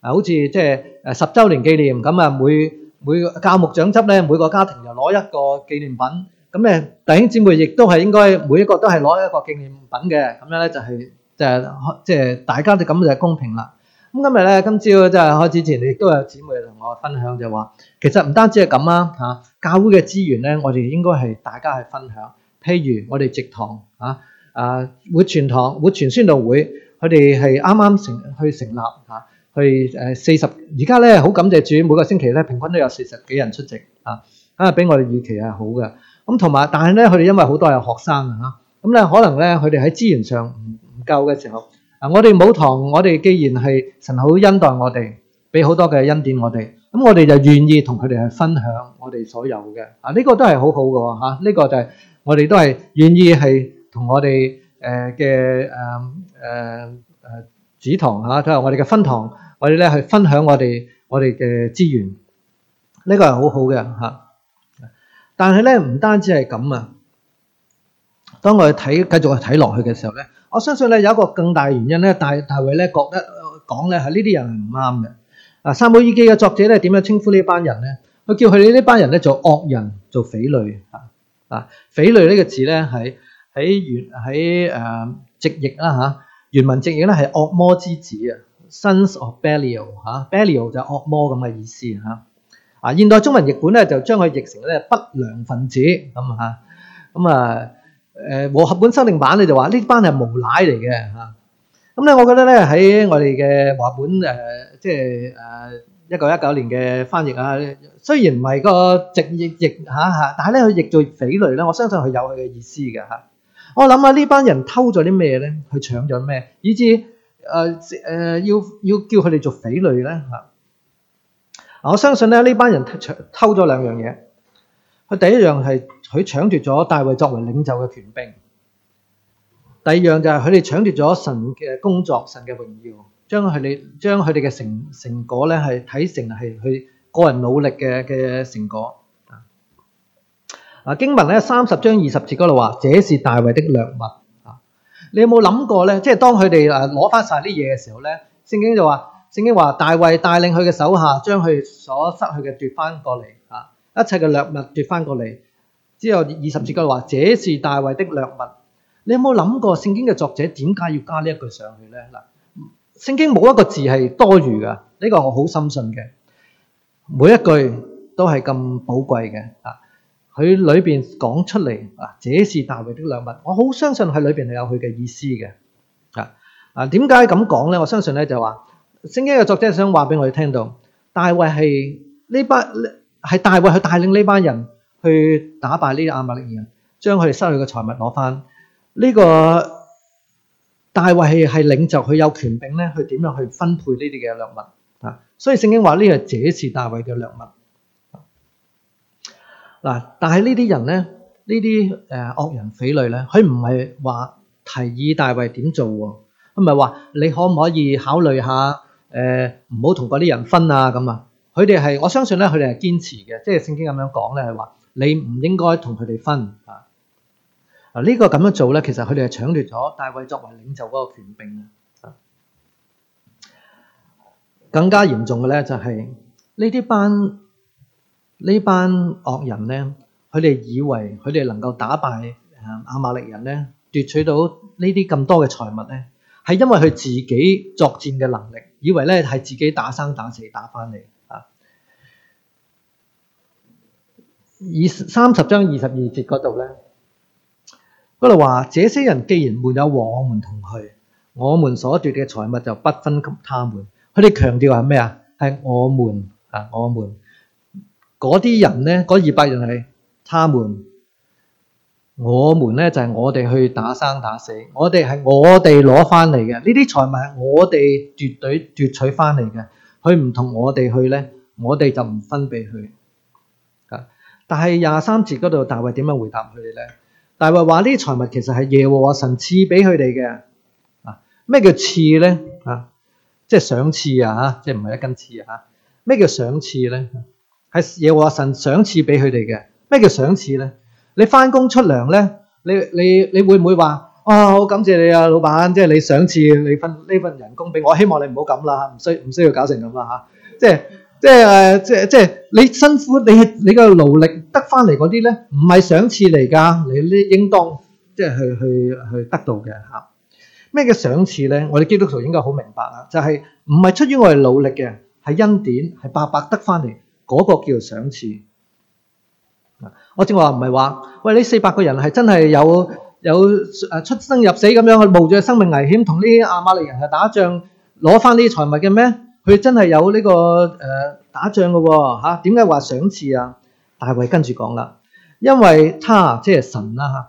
啊，好似即係誒十週年紀念咁啊，每每個教牧長執咧，每個家庭就攞一個紀念品。咁咧弟兄姊妹亦都係應該每一個都係攞一個紀念品嘅。咁樣咧就係就即係大家就咁就公平啦。咁今日咧今朝即係開始前，亦都有姊妹同我分享就話，其實唔單止係咁啊嚇，教會嘅資源咧，我哋應該係大家係分享。譬如我哋直堂活泉堂、活泉宣道會，佢哋係啱啱成去成立嚇，去誒四十，而家咧好感謝主，每個星期咧平均都有四十幾人出席啊，啊，俾我哋預期係好嘅。咁同埋，但係咧佢哋因為好多係學生啊，嚇，咁咧可能咧佢哋喺資源上唔唔夠嘅時候，啊，我哋冇堂，我哋既然係神好恩待我哋，俾好多嘅恩典我哋，咁我哋就願意同佢哋分享我哋所有嘅啊，呢個都係好好嘅喎嚇，呢個就係。我哋都係願意係同我哋誒嘅誒誒誒主堂嚇，都係我哋嘅分堂，我哋咧去分享我哋我哋嘅資源，呢、呢個係好好嘅嚇。但係咧唔單止係咁啊！當我哋睇繼續去睇落去嘅時候咧，我相信咧有一個更大原因咧，大大衛咧覺得講咧係呢啲人係唔啱嘅。啊，撒母耳記嘅作者咧點樣稱呼這人呢班人咧？佢叫佢哋呢班人咧做惡人，做匪類嚇。啊！匪類呢個字咧，係喺原喺誒直譯啦嚇。原文直譯咧係惡魔之子啊，Sons of Belial，Belial 就惡魔咁嘅意思嚇。啊，現代中文譯本咧就將佢譯成咧不良分子咁嚇。咁啊誒和合本修訂版咧就話呢班係無賴嚟嘅嚇。咁咧，我覺得咧喺我哋嘅和合本誒，即係誒一九一九年嘅翻譯啊。雖然唔係個直譯譯嚇嚇，但係咧佢譯做匪類咧，我相信佢有佢嘅意思嘅嚇。我諗下呢班人偷咗啲咩咧？去搶咗咩？以致誒誒要要叫佢哋做匪類咧嚇。嗱，我相信咧呢班人搶偷咗兩樣嘢。佢第一樣係佢搶奪咗大衛作為領袖嘅權柄；第二樣就係佢哋搶奪咗神嘅工作、神嘅榮耀，將佢哋將佢哋嘅成成果咧係睇成係去。個人努力嘅嘅成果啊！經文咧三十章二十節嗰度話，這是大衛的掠物啊！你有冇諗過咧？即係當佢哋誒攞翻晒啲嘢嘅時候咧，聖經就話，聖經話大衛帶領佢嘅手下將佢所失去嘅奪翻過嚟啊！一切嘅掠物奪翻過嚟之後，二十節嗰度話，這是大衛的掠物。你有冇諗過聖經嘅作者點解要加呢一句上去咧？嗱，聖經冇一個字係多餘噶，呢個我好深信嘅。每一句都係咁寶貴嘅啊！佢裏邊講出嚟啊，這是大衛的禮物，我好相信喺裏邊係有佢嘅意思嘅啊！啊，點解咁講咧？我相信咧就話聖經嘅作者想話俾我哋聽到，大衛係呢班係大衛去帶領呢班人去打敗呢啲亞瑪力人，將佢哋失去嘅財物攞翻。呢、這個大衛係係領袖，佢有權柄咧，去點樣去分配呢啲嘅禮物？所以聖經話呢個這是大衛嘅良物。嗱，但係呢啲人咧，呢啲惡人匪類咧，佢唔係話提議大衛點做喎，佢唔係話你可唔可以考慮下誒，唔好同嗰啲人分啊咁啊。佢哋係我相信咧，佢哋係堅持嘅，即係聖經咁樣講咧，係話你唔應該同佢哋分啊。嗱，呢個咁樣做咧，其實佢哋係搶奪咗大衛作為領袖嗰個權柄啊。更加嚴重嘅咧、就是，就係呢啲班呢班惡人咧，佢哋以為佢哋能夠打敗啊亞瑪力人咧，奪取到呢啲咁多嘅財物咧，係因為佢自己作戰嘅能力，以為咧係自己打生打死打返嚟啊。二三十章二十二節嗰度咧，嗰度話：這些人既然沒有和我們同去，我們所奪嘅財物就不分給他們。佢哋強調係咩啊？係我們啊，我們嗰啲人咧，嗰二百人係他們，我們咧就係我哋去打生打死，我哋係我哋攞翻嚟嘅呢啲財物係我哋絕對奪取翻嚟嘅。佢唔同我哋去咧，我哋就唔分俾佢。啊！但係廿三節嗰度大衛點樣回答佢哋咧？大衛話呢啲財物其實係耶和華神賜俾佢哋嘅。啊，咩叫賜咧？啊！即係賞賜啊！即係唔係一斤次啊！嚇，咩叫賞賜咧？耶和華神賞賜俾佢哋嘅。咩叫賞賜咧？你翻工出糧咧，你你你，你會唔會話啊？好、哦、感謝你啊，老闆！即係你賞賜你這，你份呢份人工俾我，希望你唔好咁啦，唔需唔需要搞成咁啊！嚇，即係、呃、即係即係即你辛苦，你係你個勞力得翻嚟嗰啲咧，唔係賞賜嚟㗎，你呢應當即係去去去得到嘅咩嘅賞賜咧？我哋基督徒應該好明白啦，就係唔係出於我哋努力嘅，係恩典，係白白得翻嚟，嗰、那個叫做賞賜。我正話唔係話，喂，呢四百個人係真係有有誒出生入死咁樣，去冒住生命危險同呢啲阿瑪利人係打仗，攞翻呢啲財物嘅咩？佢真係有呢、這個誒、呃、打仗嘅吓？點解話賞賜啊？大衛跟住講啦，因為他即係神啦、啊、吓。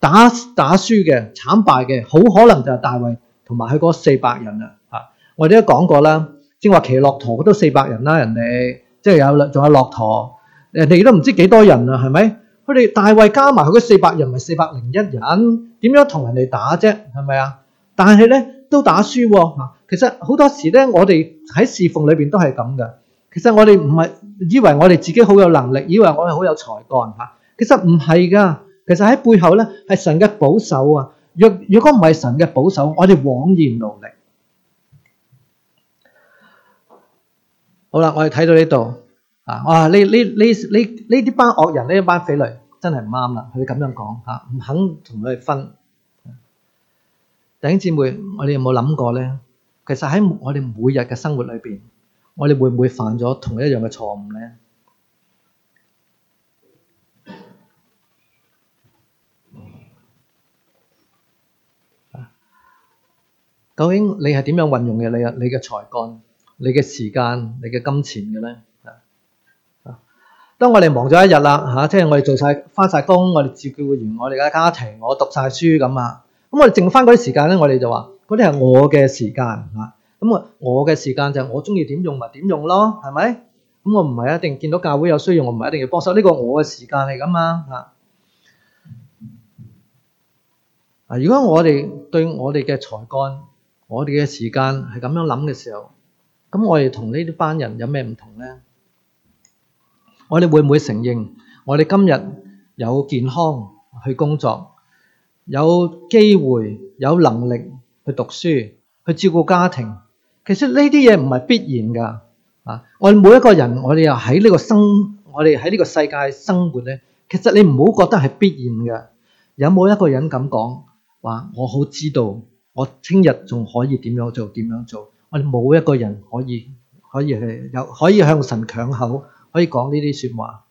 打打輸嘅、慘敗嘅，好可能就係大衛同埋佢嗰四百人啊！嚇，我哋都講過啦，正話騎駱駝都四百人啦，人哋即係有啦，仲有駱駝，人哋都唔知幾多人啊，係咪？佢哋大衛加埋佢嗰四百人，咪四百零一人？點樣同人哋打啫？係咪啊？但係咧都打輸喎！其實好多時咧，我哋喺侍奉裏面都係咁嘅。其實我哋唔係以為我哋自己好有能力，以為我哋好有才幹嚇。其實唔係㗎。其實喺背後咧，係神嘅保守啊！若若果唔係神嘅保守，我哋枉然勞力。好啦，我哋睇到呢度啊！哇，呢呢呢呢呢啲班惡人，呢一班匪類，真係唔啱啦！佢哋咁樣講吓，唔肯同佢哋分。弟兄姊妹，我哋有冇諗過咧？其實喺我哋每日嘅生活裏邊，我哋會唔會犯咗同一樣嘅錯誤咧？究竟你係點樣運用嘅你啊？你嘅才幹、你嘅時間、你嘅金錢嘅咧？啊，當我哋忙咗一日啦，吓，即係我哋做晒、翻晒工，我哋照顧完我哋嘅家庭，我讀晒書咁啊，咁我哋剩翻嗰啲時間咧，我哋就話嗰啲係我嘅時間啊。咁我的時間就是我嘅時間就係我中意點用咪點用咯，係咪？咁我唔係一定見到教會有需要，我唔係一定要幫手。呢個我嘅時間嚟噶嘛？啊，如果我哋對我哋嘅才幹，我哋嘅時間係咁樣諗嘅時候，咁我哋同呢啲班人有咩唔同咧？我哋會唔會承認我哋今日有健康去工作，有機會有能力去讀書、去照顧家庭？其實呢啲嘢唔係必然噶啊！我哋每一個人，我哋又喺呢個生，我哋喺呢個世界生活咧，其實你唔好覺得係必然嘅。有冇一個人咁講話？我好知道。我聽日仲可以點樣做？點樣做？我哋冇一個人可以可以去有，可以向神強口，可以講呢啲說話。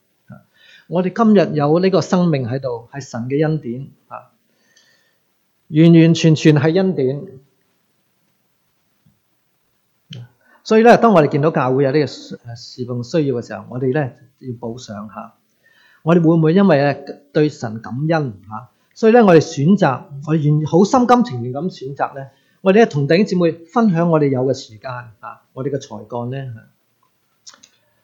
我哋今日有呢個生命喺度，係神嘅恩典啊，完完全全係恩典。所以咧，當我哋見到教會有呢個誒事奉需要嘅時候，我哋咧要補上下，我哋會唔會因為誒對神感恩吓？所以咧，我哋選擇，我願意好心甘情願咁選擇咧，我哋咧同弟兄姊妹分享我哋有嘅時間啊，我哋嘅才幹咧。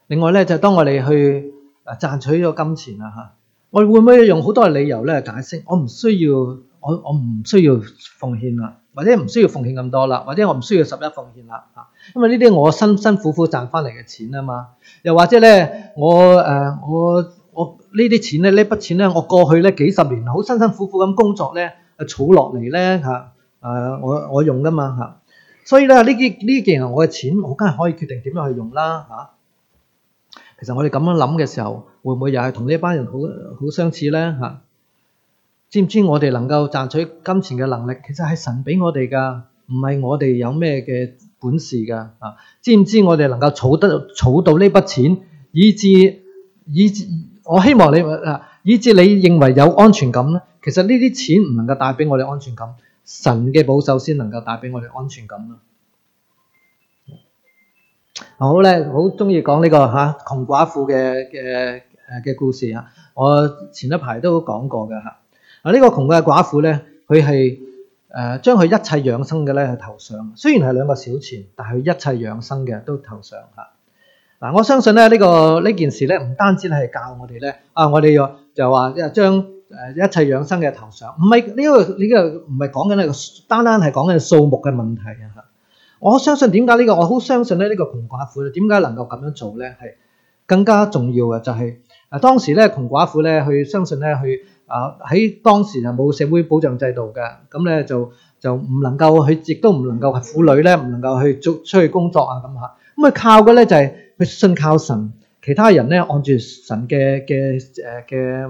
另外咧，就當我哋去賺取咗金錢啦嚇，我會唔會用好多嘅理由咧解釋？我唔需要，我我唔需要奉獻啦，或者唔需要奉獻咁多啦，或者我唔需要十一奉獻啦嚇，因為呢啲我辛辛苦苦賺翻嚟嘅錢啊嘛，又或者咧，我我。呢啲錢咧，呢筆錢咧，我過去咧幾十年好辛辛苦苦咁工作咧，儲落嚟咧嚇。誒、啊，我我用噶嘛嚇，所以咧呢啲呢件嘢，我嘅錢我梗係可以決定點樣去用啦嚇、啊。其實我哋咁樣諗嘅時候，會唔會又係同呢一班人好好相似咧嚇、啊？知唔知我哋能夠賺取金錢嘅能力，其實係神俾我哋㗎，唔係我哋有咩嘅本事㗎啊？知唔知我哋能夠儲得儲到呢筆錢，以至……以致？以致我希望你啊，以至你認為有安全感咧，其實呢啲錢唔能夠帶俾我哋安全感，神嘅保守先能夠帶俾我哋安全感咯。好咧、這個，好中意講呢個嚇窮寡婦嘅嘅誒嘅故事啊！我前一排都講過嘅嚇，啊呢、這個窮嘅寡婦咧，佢係誒將佢一切養生嘅咧投上，雖然係兩個小錢，但係佢一切養生嘅都投上嚇。啊嗱、這個啊這個這個，我相信咧呢、這個呢件事咧唔單止係教我哋咧，啊，我哋要就話即係將一切養生嘅頭上，唔係呢個呢個唔係講緊呢個單單係講緊數目嘅問題啊！我相信點解呢個我好相信咧呢個窮寡婦點解能夠咁樣做咧？係更加重要嘅就係、是、啊，當時咧窮寡，寡婦咧，佢相信咧佢啊喺當時係冇社會保障制度嘅，咁咧就就唔能夠佢亦都唔能夠係婦女咧唔能夠去做出去工作啊咁嚇，咁佢靠嘅咧就係、是。佢信靠神，其他人咧按住神嘅嘅誒嘅誒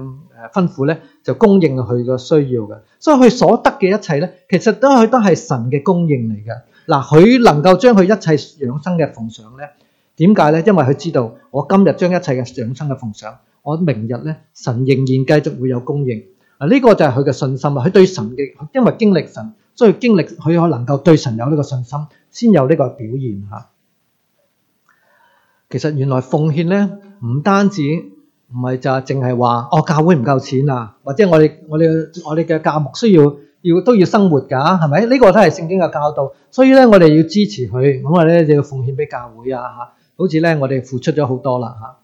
吩咐咧，就供應佢個需要嘅，所以佢所得嘅一切咧，其實都係都係神嘅供應嚟嘅。嗱，佢能夠將佢一切養生嘅奉上咧，點解咧？因為佢知道，我今日將一切嘅養生嘅奉上，我明日咧，神仍然繼續會有供應。啊，呢個就係佢嘅信心啦。佢對神嘅，因為經歷神，所以經歷佢能夠對神有呢個信心，先有呢個表現嚇。其實原來奉獻咧，唔單止唔係，就係淨係話哦，教會唔夠錢啊，或者我哋我哋我哋嘅教牧需要要都要生活噶，係咪？呢個都係聖經嘅教導，所以咧我哋要支持佢，咁我咧就要奉獻俾教會啊吓。好似咧我哋付出咗好多啦吓。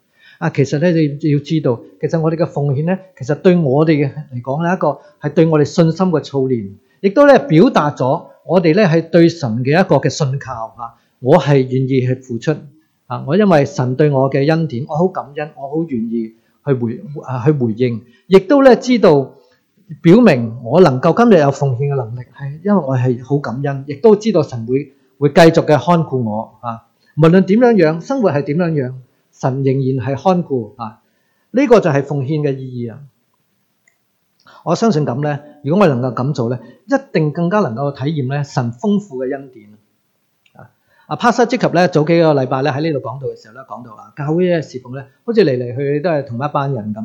啊，其實咧你要知道，其實我哋嘅奉獻咧，其實對我哋嘅嚟講咧，一個係對我哋信心嘅操練，亦都咧表達咗我哋咧係對神嘅一個嘅信靠啊。我係願意去付出。我因為神對我嘅恩典，我好感恩，我好願意去回啊，去回應，亦都咧知道表明我能夠今日有奉獻嘅能力，係因為我係好感恩，亦都知道神會會繼續嘅看顧我啊。無論點樣樣生活係點樣樣，神仍然係看顧啊。呢個就係奉獻嘅意義啊！我相信咁咧，如果我能夠咁做咧，一定更加能夠體驗咧神豐富嘅恩典。啊，pastor 提及咧，早幾個禮拜咧喺呢度講到嘅時候咧，講到啊，教會嘅侍奉咧，好似嚟嚟去去都係同一班人咁，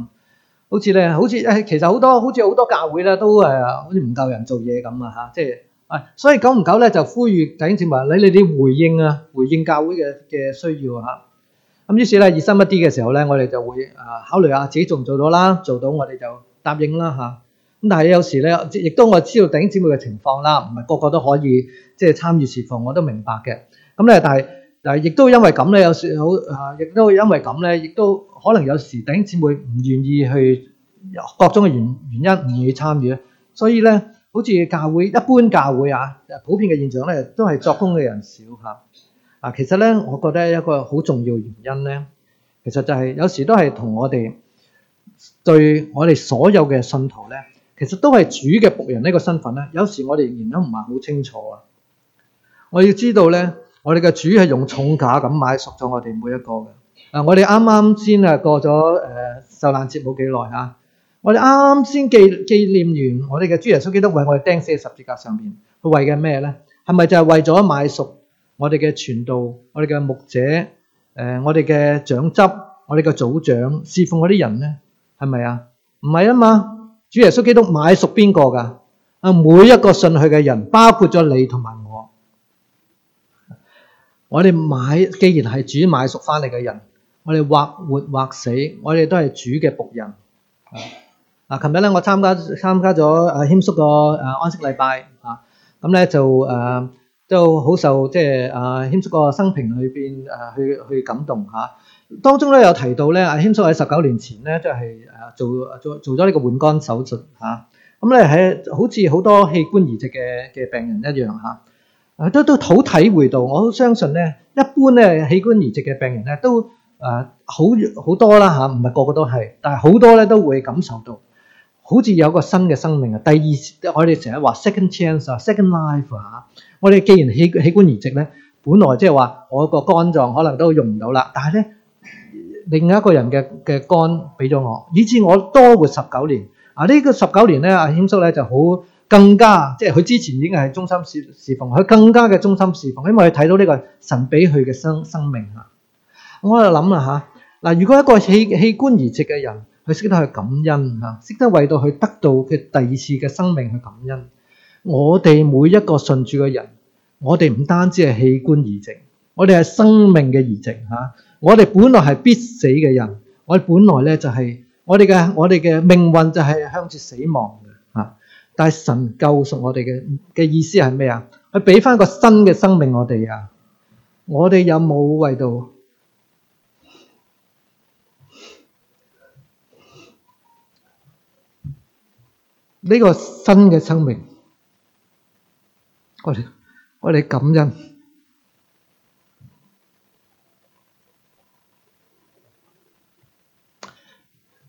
好似咧，好似其實好多好似好多教會咧都誒，好似唔夠人做嘢咁啊嚇，即係啊，所以久唔久咧就呼籲弟兄姊妹你啲回應啊，回應教會嘅嘅需要嚇。咁於是咧熱心一啲嘅時候咧，我哋就會啊考慮下自己做唔做到啦，做到我哋就答應啦嚇，咁但係有時咧，亦都我知道弟兄姊妹嘅情況啦，唔係個個都可以即係參與侍奉，我都明白嘅。咁咧，但係但係，亦都因為咁咧，有時好啊，亦都因為咁咧，亦都可能有時弟兄姊妹唔願意去各種嘅原原因唔願意參與咧，所以咧，好似教會一般教會啊，普遍嘅現象咧，都係作工嘅人少嚇啊。其實咧，我覺得一個好重要原因咧，其實就係有時都係同我哋對我哋所有嘅信徒咧，其實都係主嘅僕人呢個身份咧，有時我哋仍然都唔係好清楚啊。我要知道咧。我哋嘅主係用重價咁買贖咗我哋每一個嘅。啊，我哋啱啱先啊過咗誒受難節冇幾耐吓，我哋啱啱先記紀念完我哋嘅主耶穌基督為我哋釘死喺十字架上邊，佢為嘅咩咧？係咪就係為咗買贖我哋嘅傳道、我哋嘅牧者、誒我哋嘅長執、我哋嘅組長、侍奉嗰啲人咧？係咪啊？唔係啊嘛，主耶穌基督買贖邊個噶？啊，每一個信佢嘅人，包括咗你同埋。我哋買，既然係主買贖翻嚟嘅人，我哋或活或死，我哋都係主嘅僕人。啊，琴日咧，我參加參加咗阿謙叔個安息禮拜啊，咁、啊、咧就誒都好受，即係誒謙叔個生平裏面、啊、去去感動嚇、啊。當中咧有提到咧，阿謙叔喺十九年前咧，即、就、係、是、做做做咗呢個換肝手術嚇，咁咧喺好似好多器官移植嘅嘅病人一樣、啊都都好體會到，我好相信咧，一般咧器官移植嘅病人咧都誒好好多啦嚇，唔係個個都係，但係好多咧都會感受到，好似有個新嘅生命啊！第二我哋成日話 second chance 啊，second life 啊，我哋既然器器官移植咧，本來即係話我個肝臟可能都用唔到啦，但係咧另一個人嘅嘅肝俾咗我，以至我多活十九年。啊、這、呢個十九年咧，阿謙叔咧就好。更加即係佢之前已經係忠心侍侍奉，佢更加嘅忠心侍奉，因為佢睇到呢個神俾佢嘅生生命啊！我喺度諗啊嗱，如果一個器器官移植嘅人，佢識得去感恩啊，識得為到佢得到佢第二次嘅生命去感恩。我哋每一個信主嘅人，我哋唔單止係器官移植，我哋係生命嘅移植嚇。我哋本來係必死嘅人，我哋本來咧就係、是、我哋嘅我哋嘅命運就係向住死亡的。但係神救贖我哋嘅意思係咩啊？佢畀翻個新嘅生命我哋啊！我哋有冇為到呢個新嘅生命？我我哋感恩。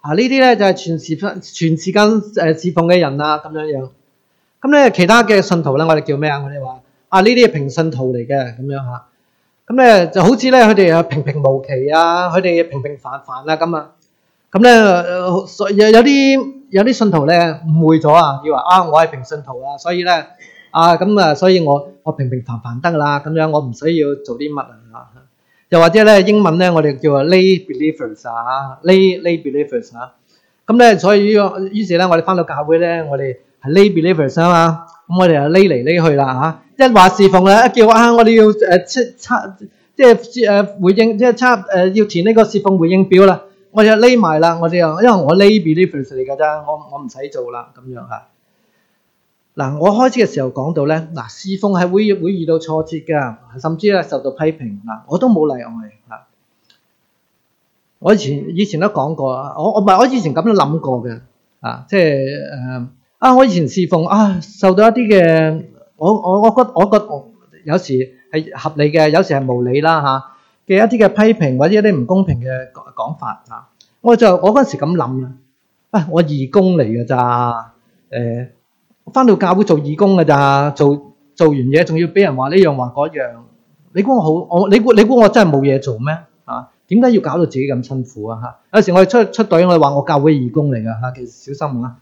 啊！呢啲咧就係全時全時間誒侍奉嘅人啦。咁樣樣。咁咧其他嘅信徒咧，我哋叫咩啊？我哋話啊，呢啲係平信徒嚟嘅，咁樣嚇。咁咧就好似咧，佢哋又平平無奇啊，佢哋平平凡凡啊，咁啊。咁咧有有啲有啲信徒咧誤會咗啊，以為啊，我係平信徒啊，所以咧啊咁啊，所以我我平平凡凡得啦，咁樣我唔需要做啲乜。又或者咧，英文咧，我哋叫做 lay believers 啊，lay lay believers 啊。咁咧，所以呢個，於是咧，我哋翻到教會咧，ievers，我哋係 lay believers 啊嘛。咁、就是就是、我哋又 lay 嚟 lay 去啦嚇，一話侍奉咧，一叫啊，我哋要誒差，即係誒回應，即係差誒要填呢個侍奉回應表啦。我哋 lay 埋啦，我哋因為我 lay believers 嚟噶咋，ievers，我我唔使做啦，咁樣嚇。嗱，我開始嘅時候講到咧，嗱，侍奉係會會遇到挫折㗎，甚至咧，受到批評，嗱，我都冇例外，嗱，我以前以前都講過啊，我我唔係，我以前咁樣諗過嘅，啊，即係誒，啊，我以前侍奉啊，受到一啲嘅，我我我覺得我覺有時係合理嘅，有時係無理啦吓嘅一啲嘅批評或者一啲唔公平嘅講法啊，我就我嗰時咁諗啦，啊，我義工嚟㗎咋，誒、啊。翻到教會做義工嘅咋，做做完嘢仲要俾人話呢樣話嗰樣。你估我好？我你估你估我真係冇嘢做咩？啊，點解要搞到自己咁辛苦啊？嚇！有時我哋出出隊，我哋話我教會義工嚟㗎嚇。其實小心啊，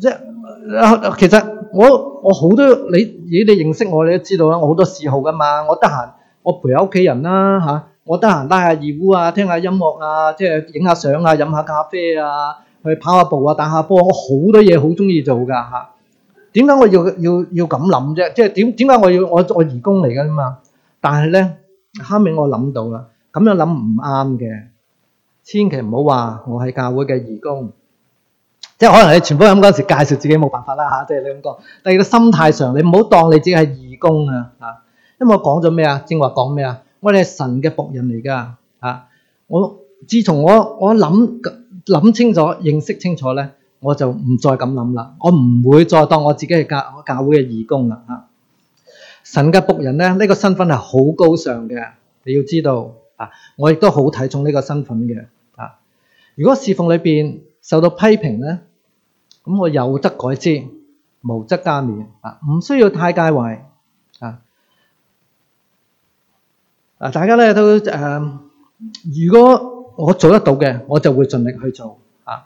即係其實我我好多你你哋認識我你都知道啦，我好多嗜好㗎嘛。我得閒我陪屋企人啦嚇，啊，我得閒拉下二胡啊，聽下音樂啊，即係影下相啊，飲下咖啡啊。去跑下步啊，打下波，我好多嘢好中意做噶嚇。點解我要要要咁諗啫？即係點點解我要我我義工嚟噶嘛？但係咧，後尾我諗到啦，咁樣諗唔啱嘅，千祈唔好話我係教會嘅義工，即係可能你傳福音嗰時介紹自己冇辦法啦吓，即係你咁講。第二個心態上，你唔好當你自己係義工啊嚇，因為我講咗咩啊？正話講咩啊？我哋係神嘅僕人嚟噶嚇。我自從我我諗。諗清楚，認識清楚咧，我就唔再咁諗啦。我唔會再當我自己係教教會嘅義工啦。啊，神嘅僕人咧，呢、呢個身份係好高尚嘅，你要知道啊。我亦都好睇重呢個身份嘅啊。如果侍奉裏邊受到批評咧，咁我有則改之，無則加勉啊。唔需要太介懷啊。啊，大家咧都誒、呃，如果。我做得到嘅，我就會盡力去做嚇。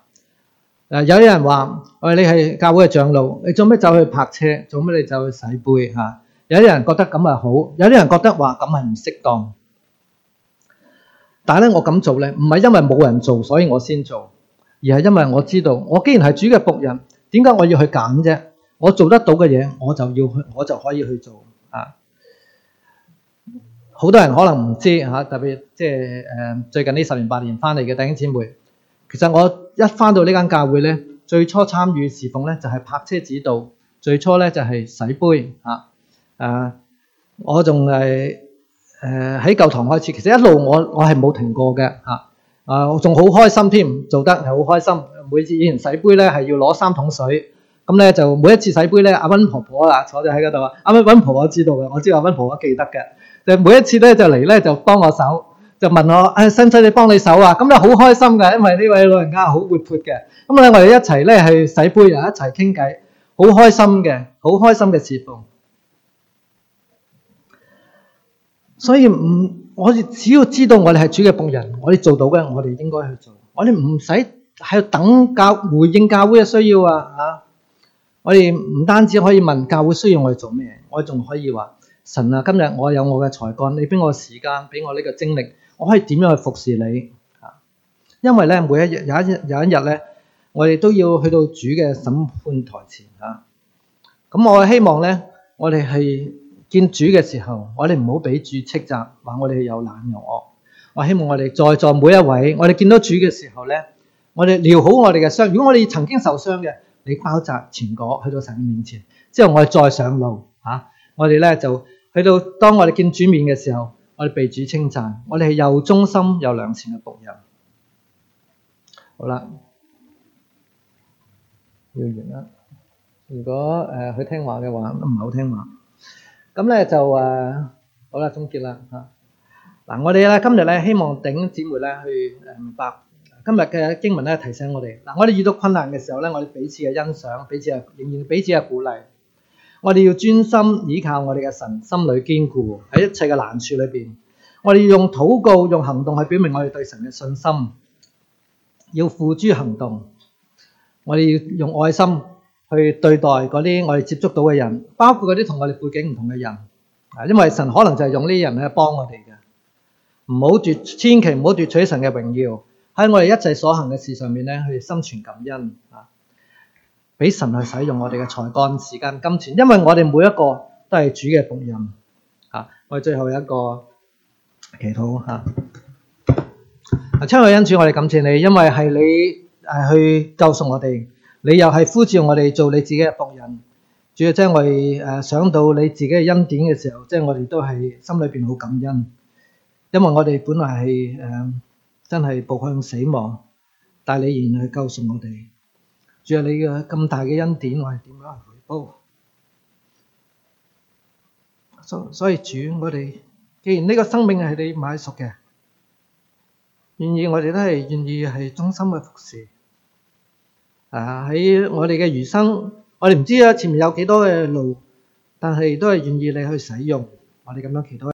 誒、啊、有啲人話：「喂，你係教會嘅長老，你做咩走去泊車？做咩你走去洗杯嚇、啊？有啲人覺得咁係好，有啲人覺得話咁係唔適當。但係咧，我咁做咧，唔係因為冇人做所以我先做，而係因為我知道我既然係主嘅僕人，點解我要去揀啫？我做得到嘅嘢，我就要去，我就可以去做啊。好多人可能唔知嚇，特別即係誒最近呢十年八年翻嚟嘅弟兄姊妹，其實我一翻到呢間教會咧，最初參與侍奉咧就係泊車指導，最初咧就係洗杯嚇。誒、啊，我仲係誒喺舊堂開始，其實一路我我係冇停過嘅嚇。誒，我仲好開心添，做得係好開心。每次以前洗杯咧係要攞三桶水，咁咧就每一次洗杯咧，阿温婆婆啦坐咗喺嗰度啊，阿温温婆婆知道嘅，我知阿温婆婆記得嘅。每一次咧就嚟咧就幫我手，就問我：「使唔使你幫你手啊？咁咧好開心嘅，因為呢位老人家好活潑嘅。咁咧我哋一齊咧去洗杯啊，一齊傾偈，好開心嘅，好開心嘅事奉，所以唔，我哋只要知道我哋係主嘅僕人，我哋做到嘅，我哋應該去做。我哋唔使喺度等教回應教會嘅需要啊！啊，我哋唔單止可以問教會需要我哋做咩，我仲可以話。神啊，今日我有我嘅才幹，你俾我的時間，俾我呢個精力，我可以點樣去服侍你啊？因為咧，每一日有一日有一日咧，我哋都要去到主嘅審判台前啊！咁我希望咧，我哋係見主嘅時候，我哋唔好俾主斥責，話我哋有懶惰。我希望我哋在座每一位，我哋見到主嘅時候咧，我哋療好我哋嘅傷。如果我哋曾經受傷嘅，你包紮前果去到神面前，之後我哋再上路，啊我哋咧就去到，當我哋見主面嘅時候，我哋被主稱讚，我哋係又忠心又良善嘅僕人。好啦，要完啦。如果誒佢聽話嘅話，都唔係好聽話。咁咧就誒，好啦，總結啦嚇。嗱，我哋咧今日咧希望頂姊妹咧去明白今日嘅經文咧提醒我哋。嗱，我哋遇到困難嘅時候咧，我哋彼此嘅欣賞，彼此誒，仍然彼此嘅鼓勵。我哋要專心倚靠我哋嘅神，心裏堅固喺一切嘅難處裏邊。我哋要用禱告、用行動去表明我哋對神嘅信心，要付諸行動。我哋要用愛心去對待嗰啲我哋接觸到嘅人，包括嗰啲同我哋背景唔同嘅人。啊，因為神可能就係用呢啲人嚟幫我哋嘅。唔好奪，千祈唔好奪取神嘅榮耀。喺我哋一切所行嘅事上面咧，去心存感恩啊！俾神去使用我哋嘅才幹時間、時間、金錢，因為我哋每一個都係主嘅僕人啊！我哋最後一個祈禱啊！親愛的恩主，我哋感謝你，因為係你誒去救贖我哋，你又係呼召我哋做你自己嘅僕人。主要即係我哋誒想到你自己嘅恩典嘅時候，即、就、係、是、我哋都係心裏邊好感恩，因為我哋本來係誒、呃、真係步向死亡，但你仍然去救贖我哋。主啊！你嘅咁大嘅恩典，我係點樣嚟回報？所所以，主我哋既然呢個生命係你買贖嘅，願意我哋都係願意係忠心嘅服侍。啊！喺我哋嘅餘生，我哋唔知啊，前面有幾多嘅路，但係都係願意你去使用。我哋咁樣祈禱。